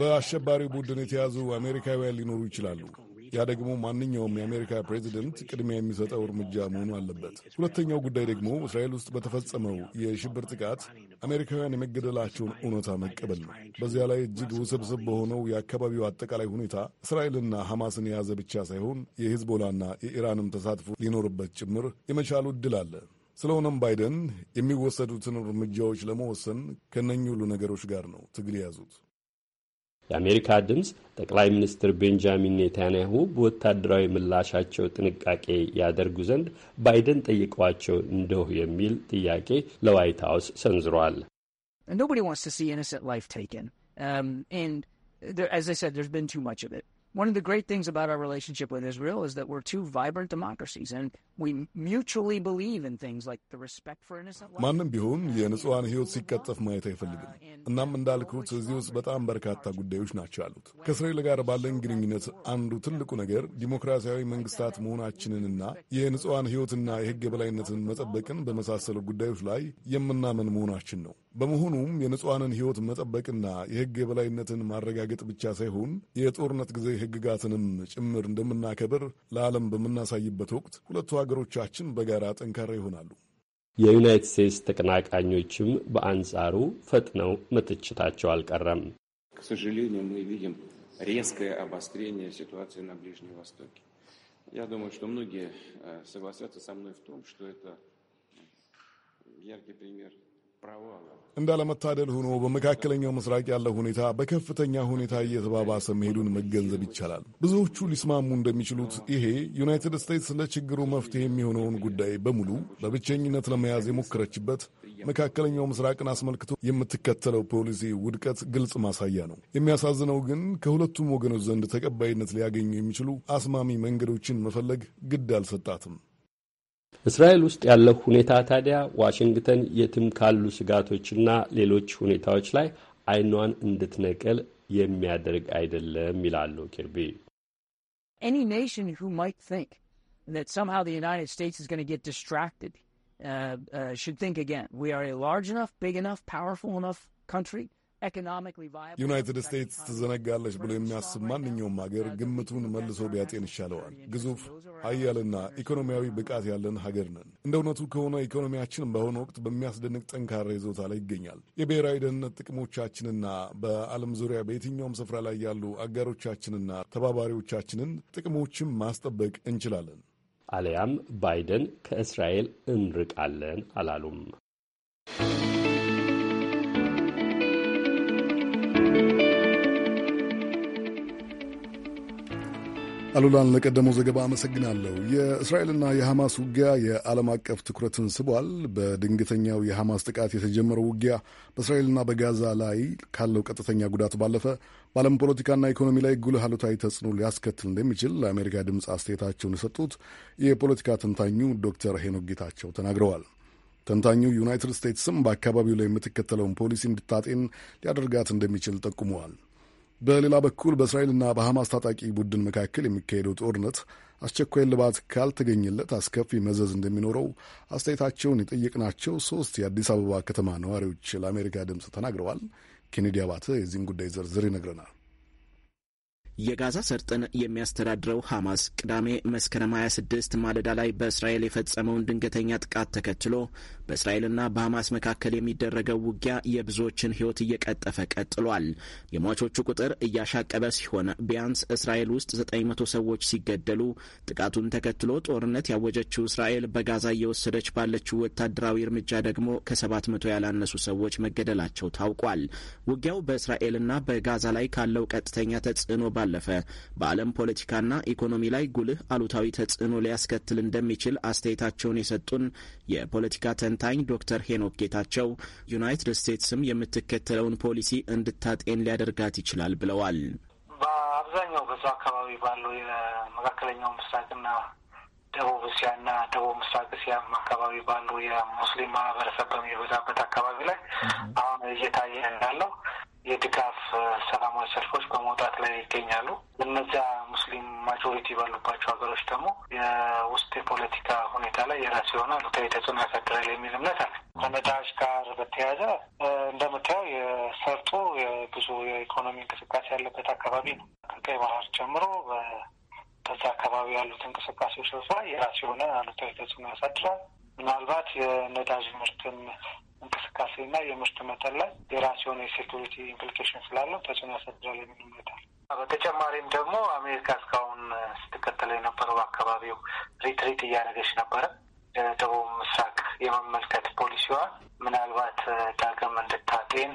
በአሸባሪው ቡድን የተያዙ አሜሪካውያን ሊኖሩ ይችላሉ። ያ ደግሞ ማንኛውም የአሜሪካ ፕሬዚደንት ቅድሚያ የሚሰጠው እርምጃ መሆኑ አለበት። ሁለተኛው ጉዳይ ደግሞ እስራኤል ውስጥ በተፈጸመው የሽብር ጥቃት አሜሪካውያን የመገደላቸውን እውነታ መቀበል ነው። በዚያ ላይ እጅግ ውስብስብ በሆነው የአካባቢው አጠቃላይ ሁኔታ እስራኤልና ሐማስን የያዘ ብቻ ሳይሆን የሂዝቦላና የኢራንም ተሳትፎ ሊኖርበት ጭምር የመቻሉ እድል አለ። ስለሆነም ባይደን የሚወሰዱትን እርምጃዎች ለመወሰን ከነኝ ሁሉ ነገሮች ጋር ነው ትግል የያዙት። የአሜሪካ ድምፅ ጠቅላይ ሚኒስትር ቤንጃሚን ኔታንያሁ በወታደራዊ ምላሻቸው ጥንቃቄ ያደርጉ ዘንድ ባይደን ጠይቀዋቸው እንደሁ የሚል ጥያቄ ለዋይት ሀውስ ሰንዝሯል። ማንም ቢሆን የንጹሐን ሕይወት ሲቀጠፍ ማየት uh, አይፈልግም። uh, እናም እንዳልኩት እዚህ ውስጥ በጣም በርካታ ጉዳዮች ናቸው ያሉት። ከእስራኤል ጋር ባለን ግንኙነት uh, አንዱ ትልቁ ነገር ዲሞክራሲያዊ መንግስታት መሆናችንንና የንጹሐን ሕይወትና የሕግ የበላይነትን መጠበቅን በመሳሰሉ ጉዳዮች ላይ የምናምን መሆናችን ነው። በመሆኑም የንጹሐንን ሕይወት መጠበቅና የሕግ የበላይነትን ማረጋገጥ ብቻ ሳይሆን የጦርነት ጊዜ ሕግጋትንም ጭምር እንደምናከብር ለዓለም በምናሳይበት ወቅት ሁለቱ ሀገሮቻችን በጋራ ጠንካራ ይሆናሉ። የዩናይትድ ስቴትስ ተቀናቃኞችም በአንጻሩ ፈጥነው መተችታቸው አልቀረም። Я думаю, что многие согласятся со мной в том, что это яркий пример እንዳለመታደል ሆኖ በመካከለኛው ምስራቅ ያለው ሁኔታ በከፍተኛ ሁኔታ እየተባባሰ መሄዱን መገንዘብ ይቻላል። ብዙዎቹ ሊስማሙ እንደሚችሉት ይሄ ዩናይትድ ስቴትስ ለችግሩ መፍትሄ የሚሆነውን ጉዳይ በሙሉ በብቸኝነት ለመያዝ የሞከረችበት መካከለኛው ምስራቅን አስመልክቶ የምትከተለው ፖሊሲ ውድቀት ግልጽ ማሳያ ነው። የሚያሳዝነው ግን ከሁለቱም ወገኖች ዘንድ ተቀባይነት ሊያገኙ የሚችሉ አስማሚ መንገዶችን መፈለግ ግድ አልሰጣትም። እስራኤል ውስጥ ያለው ሁኔታ ታዲያ ዋሽንግተን የትም ካሉ ስጋቶችና ሌሎች ሁኔታዎች ላይ አይኗን የሚያደርግ አይደለም ይላሉ ኪርቢ። Any nation who might think that somehow the United States is going to get distracted uh, uh, should think again. We are a large enough, big enough, powerful enough country ዩናይትድ ስቴትስ ትዘነጋለች ብሎ የሚያስብ ማንኛውም ሀገር ግምቱን መልሶ ቢያጤን ይሻለዋል። ግዙፍ አያልና ኢኮኖሚያዊ ብቃት ያለን ሀገር ነን። እንደ እውነቱ ከሆነ ኢኮኖሚያችን በአሁኑ ወቅት በሚያስደንቅ ጠንካራ ይዞታ ላይ ይገኛል። የብሔራዊ ደህንነት ጥቅሞቻችንና በዓለም ዙሪያ በየትኛውም ስፍራ ላይ ያሉ አጋሮቻችንና ተባባሪዎቻችንን ጥቅሞችን ማስጠበቅ እንችላለን። አሊያም ባይደን ከእስራኤል እንርቃለን አላሉም። አሉላን ለቀደመው ዘገባ አመሰግናለሁ። የእስራኤልና የሐማስ ውጊያ የዓለም አቀፍ ትኩረትን ስቧል። በድንገተኛው የሐማስ ጥቃት የተጀመረው ውጊያ በእስራኤልና በጋዛ ላይ ካለው ቀጥተኛ ጉዳት ባለፈ በዓለም ፖለቲካና ኢኮኖሚ ላይ ጉልህ አሉታዊ ተጽዕኖ ሊያስከትል እንደሚችል ለአሜሪካ ድምፅ አስተያየታቸውን የሰጡት የፖለቲካ ተንታኙ ዶክተር ሄኖክ ጌታቸው ተናግረዋል። ተንታኙ ዩናይትድ ስቴትስም በአካባቢው ላይ የምትከተለውን ፖሊሲ እንድታጤን ሊያደርጋት እንደሚችል ጠቁመዋል። በሌላ በኩል በእስራኤልና በሐማስ ታጣቂ ቡድን መካከል የሚካሄደው ጦርነት አስቸኳይ ልባት ካልተገኘለት አስከፊ መዘዝ እንደሚኖረው አስተያየታቸውን የጠየቅናቸው ሶስት የአዲስ አበባ ከተማ ነዋሪዎች ለአሜሪካ ድምፅ ተናግረዋል። ኬኔዲ አባተ የዚህን ጉዳይ ዝርዝር ይነግረናል። የጋዛ ሰርጥን የሚያስተዳድረው ሐማስ ቅዳሜ መስከረም 26 ማለዳ ላይ በእስራኤል የፈጸመውን ድንገተኛ ጥቃት ተከትሎ በእስራኤልና በሐማስ መካከል የሚደረገው ውጊያ የብዙዎችን ሕይወት እየቀጠፈ ቀጥሏል። የሟቾቹ ቁጥር እያሻቀበ ሲሆን ቢያንስ እስራኤል ውስጥ 900 ሰዎች ሲገደሉ ጥቃቱን ተከትሎ ጦርነት ያወጀችው እስራኤል በጋዛ እየወሰደች ባለችው ወታደራዊ እርምጃ ደግሞ ከ700 ያላነሱ ሰዎች መገደላቸው ታውቋል። ውጊያው በእስራኤልና በጋዛ ላይ ካለው ቀጥተኛ ተጽዕኖ ካለፈ በዓለም ፖለቲካና ኢኮኖሚ ላይ ጉልህ አሉታዊ ተጽዕኖ ሊያስከትል እንደሚችል አስተያየታቸውን የሰጡን የፖለቲካ ተንታኝ ዶክተር ሄኖክ ጌታቸው ዩናይትድ ስቴትስም የምትከተለውን ፖሊሲ እንድታጤን ሊያደርጋት ይችላል ብለዋል። በአብዛኛው በዛ አካባቢ ባለው የመካከለኛው ምስራቅና ደቡብ እስያና ደቡብ ምስራቅ እስያ አካባቢ ባሉ የሙስሊም ማህበረሰብ በሚበዛበት አካባቢ ላይ አሁን እየታየ ያለው የድጋፍ ሰላማዊ ሰልፎች በመውጣት ላይ ይገኛሉ። እነዚያ ሙስሊም ማጆሪቲ ባሉባቸው ሀገሮች ደግሞ የውስጥ የፖለቲካ ሁኔታ ላይ የራሱ የሆነ አሉታዊ ተጽዕኖ ያሳድራል የሚል እምነት አለ። ከነዳጅ ጋር በተያያዘ እንደምታየው የሰርጡ የብዙ የኢኮኖሚ እንቅስቃሴ ያለበት አካባቢ ነው። ከቀይ ባህር ጀምሮ በዛ አካባቢ ያሉት እንቅስቃሴዎች ላይ የራሱ የሆነ አሉታዊ ተጽዕኖ ያሳድራል። ምናልባት የነዳጅ ምርትን እንቅስቃሴና የምርት መጠን ላይ የራሱ የሆነ የሴኩሪቲ ኢምፕሊኬሽን ስላለው ተጽዕኖ ያሳድራል የሚል እምነት በተጨማሪም ደግሞ አሜሪካ እስካሁን ስትከተለ የነበረው አካባቢው ሪትሪት እያደረገች ነበረ። ደቡብ ምስራቅ የመመልከት ፖሊሲዋ ምናልባት ዳግም እንድታጤን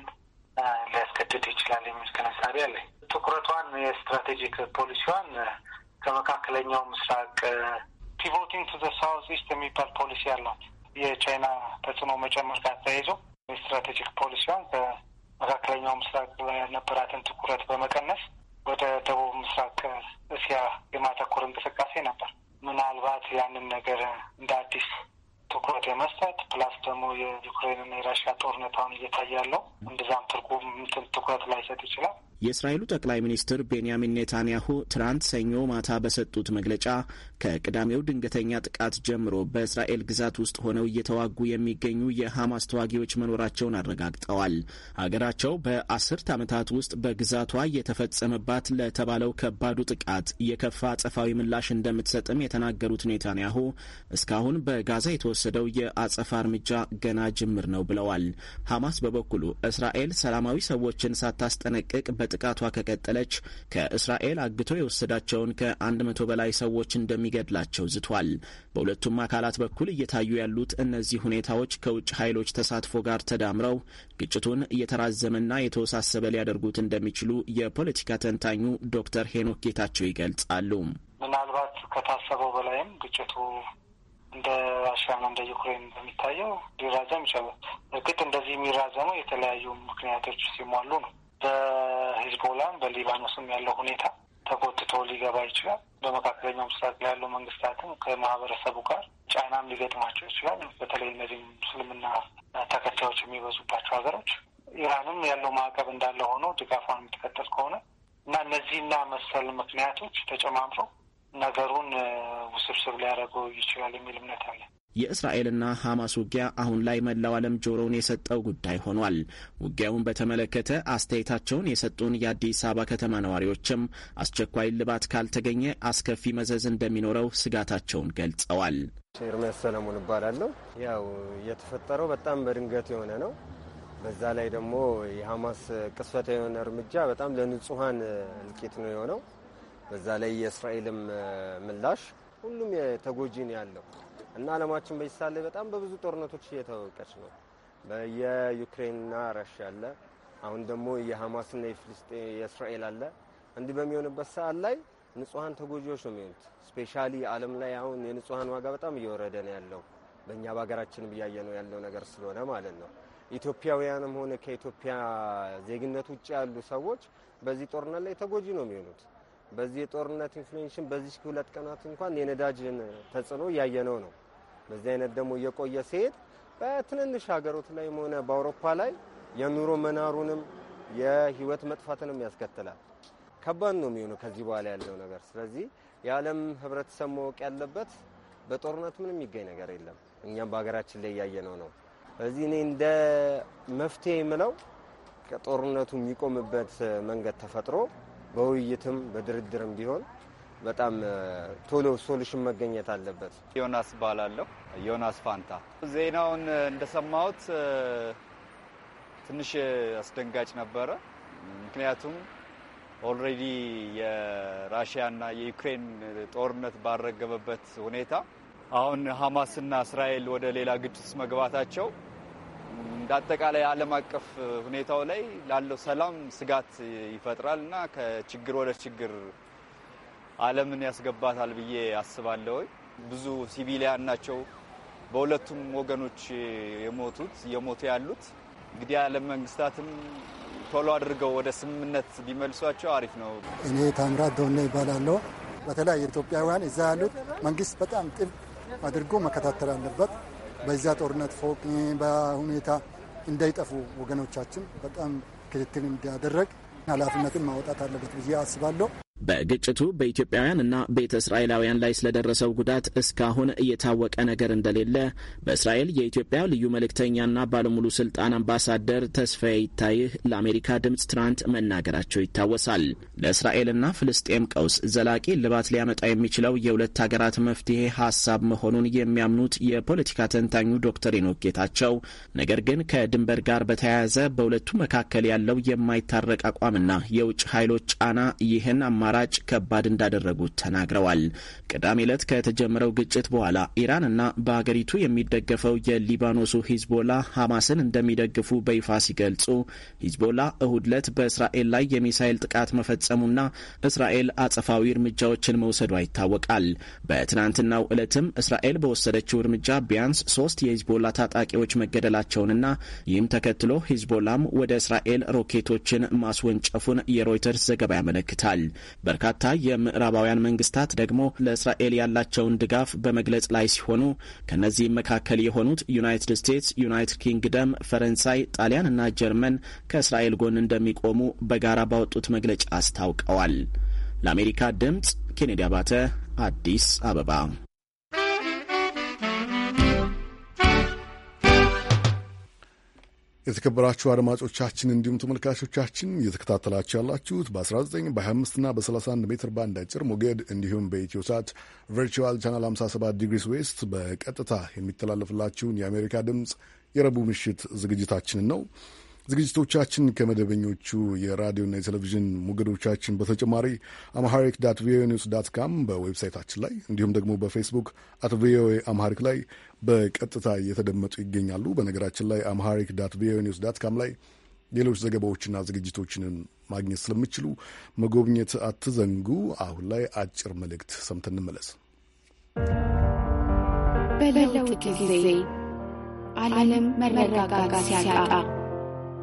ሊያስገድድ ይችላል የሚል ግንዛቤ አለኝ። ትኩረቷን የስትራቴጂክ ፖሊሲዋን ከመካከለኛው ምስራቅ ፒቮቲንግ ቱ ዘ ሳውዝ ኢስት የሚባል ፖሊሲ አላት። የቻይና ተጽዕኖ መጨመር ጋር ተያይዞ የስትራቴጂክ ፖሊሲዋን በመካከለኛው ምስራቅ ላይ ያልነበራትን ትኩረት በመቀነስ ወደ ደቡብ ምስራቅ uh, እስያ የማተኮር እንቅስቃሴ ነበር። ምናልባት ያንን ነገር እንደ አዲስ ትኩረት የመስጠት ፕላስ ደግሞ የዩክሬንና የራሽያ ጦርነት አሁን እየታየ ያለው ትርጉም ትኩረት ላይሰጥ ይችላል። የእስራኤሉ ጠቅላይ ሚኒስትር ቤንያሚን ኔታንያሁ ትናንት ሰኞ ማታ በሰጡት መግለጫ ከቅዳሜው ድንገተኛ ጥቃት ጀምሮ በእስራኤል ግዛት ውስጥ ሆነው እየተዋጉ የሚገኙ የሐማስ ተዋጊዎች መኖራቸውን አረጋግጠዋል። አገራቸው በአስርት ዓመታት ውስጥ በግዛቷ የተፈጸመባት ለተባለው ከባዱ ጥቃት የከፋ አጸፋዊ ምላሽ እንደምትሰጥም የተናገሩት ኔታንያሁ እስካሁን በጋዛ የተወሰደው የአጸፋ እርምጃ ገና ጅምር ነው ብለዋል። ሐማስ በበኩሉ እስራኤል ሰላማዊ ሰዎችን ሳታስጠነቅቅ በ። ጥቃቷ ከቀጠለች ከእስራኤል አግቶ የወሰዳቸውን ከአንድ መቶ በላይ ሰዎች እንደሚገድላቸው ዝቷል። በሁለቱም አካላት በኩል እየታዩ ያሉት እነዚህ ሁኔታዎች ከውጭ ኃይሎች ተሳትፎ ጋር ተዳምረው ግጭቱን እየተራዘመና የተወሳሰበ ሊያደርጉት እንደሚችሉ የፖለቲካ ተንታኙ ዶክተር ሄኖክ ጌታቸው ይገልጻሉ። ምናልባት ከታሰበው በላይም ግጭቱ እንደ ራሽያና እንደ ዩክሬን በሚታየው ሊራዘም ይችላል። እርግጥ እንደዚህ የሚራዘመው የተለያዩ ምክንያቶች ሲሟሉ ነው። በሂዝቦላም በሊባኖስም ያለው ሁኔታ ተጎትቶ ሊገባ ይችላል። በመካከለኛው ምስራቅ ያለው መንግስታትም ከማህበረሰቡ ጋር ጫናም ሊገጥማቸው ይችላል። በተለይ እነዚህ ሙስልምና ተከታዮች የሚበዙባቸው ሀገሮች ኢራንም ያለው ማዕቀብ እንዳለ ሆኖ ድጋፏን የምትቀጥል ከሆነ እና እነዚህና መሰል ምክንያቶች ተጨማምረው ነገሩን ውስብስብ ሊያደርገው ይችላል የሚል እምነት አለን። የእስራኤልና ሐማስ ውጊያ አሁን ላይ መላው ዓለም ጆሮውን የሰጠው ጉዳይ ሆኗል። ውጊያውን በተመለከተ አስተያየታቸውን የሰጡን የአዲስ አበባ ከተማ ነዋሪዎችም አስቸኳይ ልባት ካልተገኘ አስከፊ መዘዝ እንደሚኖረው ስጋታቸውን ገልጸዋል። ኤርሚያስ ሰለሞን እባላለሁ። ያው የተፈጠረው በጣም በድንገት የሆነ ነው። በዛ ላይ ደግሞ የሐማስ ቅስፈት የሆነ እርምጃ በጣም ለንጹሐን እልቂት ነው የሆነው። በዛ ላይ የእስራኤልም ምላሽ ሁሉም ተጎጂ ነው ያለው እና አለማችን በዚህ ሰዓት ላይ በጣም በብዙ ጦርነቶች እየተወቀች ነው። የዩክሬንና ራሽያ አለ፣ አሁን ደግሞ የሐማስና የእስራኤል አለ። እንዲህ በሚሆንበት ሰዓት ላይ ንጹሐን ተጎጂዎች ነው የሚሆኑት። ስፔሻሊ አለም ላይ አሁን የንጹሐን ዋጋ በጣም እየወረደ ነው ያለው በእኛ በሀገራችን እያየ ነው ያለው ነገር ስለሆነ ማለት ነው። ኢትዮጵያውያንም ሆነ ከኢትዮጵያ ዜግነት ውጭ ያሉ ሰዎች በዚህ ጦርነት ላይ ተጎጂ ነው የሚሆኑት። በዚህ የጦርነት ኢንፍሌሽን በዚህ ሁለት ቀናት እንኳን የነዳጅን ተጽዕኖ እያየነው ነው። በዚህ አይነት ደግሞ እየቆየ ሲሄድ በትንንሽ ሀገሮች ላይም ሆነ በአውሮፓ ላይ የኑሮ መናሩንም የህይወት መጥፋትንም ያስከትላል። ከባድ ነው የሚሆነው ከዚህ በኋላ ያለው ነገር። ስለዚህ የዓለም ህብረተሰብ ማወቅ ያለበት በጦርነት ምንም የሚገኝ ነገር የለም። እኛም በሀገራችን ላይ እያየነው ነው። በዚህ እኔ እንደ መፍትሄ የምለው ከጦርነቱ የሚቆምበት መንገድ ተፈጥሮ በውይይትም በድርድርም ቢሆን በጣም ቶሎ ሶሉሽን መገኘት አለበት። ዮናስ ባላለሁ ዮናስ ፋንታ። ዜናውን እንደሰማሁት ትንሽ አስደንጋጭ ነበረ። ምክንያቱም ኦልሬዲ የራሽያና የዩክሬን ጦርነት ባረገበበት ሁኔታ አሁን ሀማስና እስራኤል ወደ ሌላ ግጭት መግባታቸው እንደ አጠቃላይ ዓለም አቀፍ ሁኔታው ላይ ላለው ሰላም ስጋት ይፈጥራል እና ከችግር ወደ ችግር ዓለምን ያስገባታል ብዬ አስባለሁ። ብዙ ሲቪሊያን ናቸው በሁለቱም ወገኖች የሞቱት የሞቱ ያሉት። እንግዲህ የዓለም መንግስታትም ቶሎ አድርገው ወደ ስምምነት ቢመልሷቸው አሪፍ ነው። እኔ ታምራት ደሆነ ይባላለሁ። በተለያየ ኢትዮጵያውያን እዛ ያሉት መንግስት በጣም ጥብቅ አድርጎ መከታተል አለበት። በዛ ጦርነት ፎቅ በሁኔታ እንዳይጠፉ ወገኖቻችን በጣም ክትትል እንዲያደረግ ኃላፊነትን ማውጣት አለበት ብዬ አስባለሁ። በግጭቱ በኢትዮጵያውያን እና ቤተ እስራኤላውያን ላይ ስለደረሰው ጉዳት እስካሁን እየታወቀ ነገር እንደሌለ በእስራኤል የኢትዮጵያ ልዩ መልእክተኛና ባለሙሉ ስልጣን አምባሳደር ተስፋዬ ይታይህ ለአሜሪካ ድምፅ ትናንት መናገራቸው ይታወሳል። ለእስራኤልና ፍልስጤም ቀውስ ዘላቂ ልባት ሊያመጣ የሚችለው የሁለት ሀገራት መፍትሄ ሀሳብ መሆኑን የሚያምኑት የፖለቲካ ተንታኙ ዶክተር ሄኖክ ጌታቸው ነገር ግን ከድንበር ጋር በተያያዘ በሁለቱ መካከል ያለው የማይታረቅ አቋምና የውጭ ኃይሎች ጫና ይህን አማ አማራጭ ከባድ እንዳደረጉት ተናግረዋል። ቅዳሜ ዕለት ከተጀመረው ግጭት በኋላ ኢራንና በሀገሪቱ የሚደገፈው የሊባኖሱ ሂዝቦላ ሐማስን እንደሚደግፉ በይፋ ሲገልጹ ሂዝቦላ እሁድ ዕለት በእስራኤል ላይ የሚሳኤል ጥቃት መፈጸሙና እስራኤል አጸፋዊ እርምጃዎችን መውሰዷ ይታወቃል። በትናንትናው ዕለትም እስራኤል በወሰደችው እርምጃ ቢያንስ ሶስት የሂዝቦላ ታጣቂዎች መገደላቸውንና ይህም ተከትሎ ሂዝቦላም ወደ እስራኤል ሮኬቶችን ማስወንጨፉን የሮይተርስ ዘገባ ያመለክታል። በርካታ የምዕራባውያን መንግስታት ደግሞ ለእስራኤል ያላቸውን ድጋፍ በመግለጽ ላይ ሲሆኑ ከእነዚህም መካከል የሆኑት ዩናይትድ ስቴትስ፣ ዩናይትድ ኪንግደም፣ ፈረንሳይ፣ ጣሊያን እና ጀርመን ከእስራኤል ጎን እንደሚቆሙ በጋራ ባወጡት መግለጫ አስታውቀዋል። ለአሜሪካ ድምጽ ኬኔዲ አባተ አዲስ አበባ የተከበራችሁ አድማጮቻችን እንዲሁም ተመልካቾቻችን እየተከታተላችሁ ያላችሁት በ19 በ25 እና በ31 ሜትር ባንድ አጭር ሞገድ እንዲሁም በኢትዮ ሳት ቨርቹዋል ቻናል 57 ዲግሪስ ዌስት በቀጥታ የሚተላለፍላችሁን የአሜሪካ ድምፅ የረቡዕ ምሽት ዝግጅታችንን ነው። ዝግጅቶቻችን ከመደበኞቹ የራዲዮና የቴሌቪዥን ሞገዶቻችን በተጨማሪ አምሃሪክ ዳት ቪኦኤ ኒውስ ዳት ካም በዌብሳይታችን ላይ እንዲሁም ደግሞ በፌስቡክ አት ቪኦኤ አምሃሪክ ላይ በቀጥታ እየተደመጡ ይገኛሉ። በነገራችን ላይ አምሃሪክ ዳት ቪኦኤ ኒውስ ዳት ካም ላይ ሌሎች ዘገባዎችና ዝግጅቶችንን ማግኘት ስለምችሉ መጎብኘት አትዘንጉ። አሁን ላይ አጭር መልእክት ሰምተን እንመለስ። በለውጥ ጊዜ ዓለም መረጋጋት ሲያጣ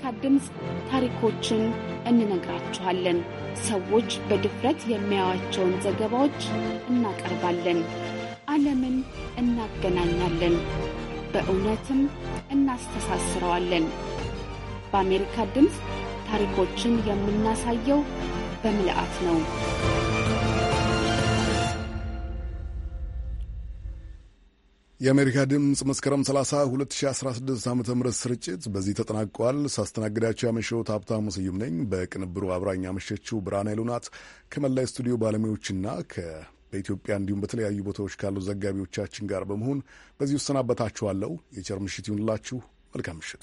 ከአሜሪካ ድምፅ ታሪኮችን እንነግራችኋለን። ሰዎች በድፍረት የሚያያቸውን ዘገባዎች እናቀርባለን። ዓለምን እናገናኛለን፣ በእውነትም እናስተሳስረዋለን። በአሜሪካ ድምፅ ታሪኮችን የምናሳየው በምልአት ነው። የአሜሪካ ድምፅ መስከረም 30 2016 ዓ ም ስርጭት በዚህ ተጠናቋል። ሳስተናግዳቸው ያመሸሁት ሀብታሙ ስዩም ነኝ። በቅንብሩ አብራኝ ያመሸችው ብርሃን ኃይሉ ከመላይ ስቱዲዮ ባለሙያዎችና በኢትዮጵያ እንዲሁም በተለያዩ ቦታዎች ካሉ ዘጋቢዎቻችን ጋር በመሆን በዚህ እሰናበታችኋለሁ። የቸር ምሽት ይሁንላችሁ። መልካም ምሽቱ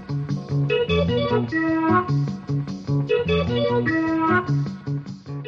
Thank you.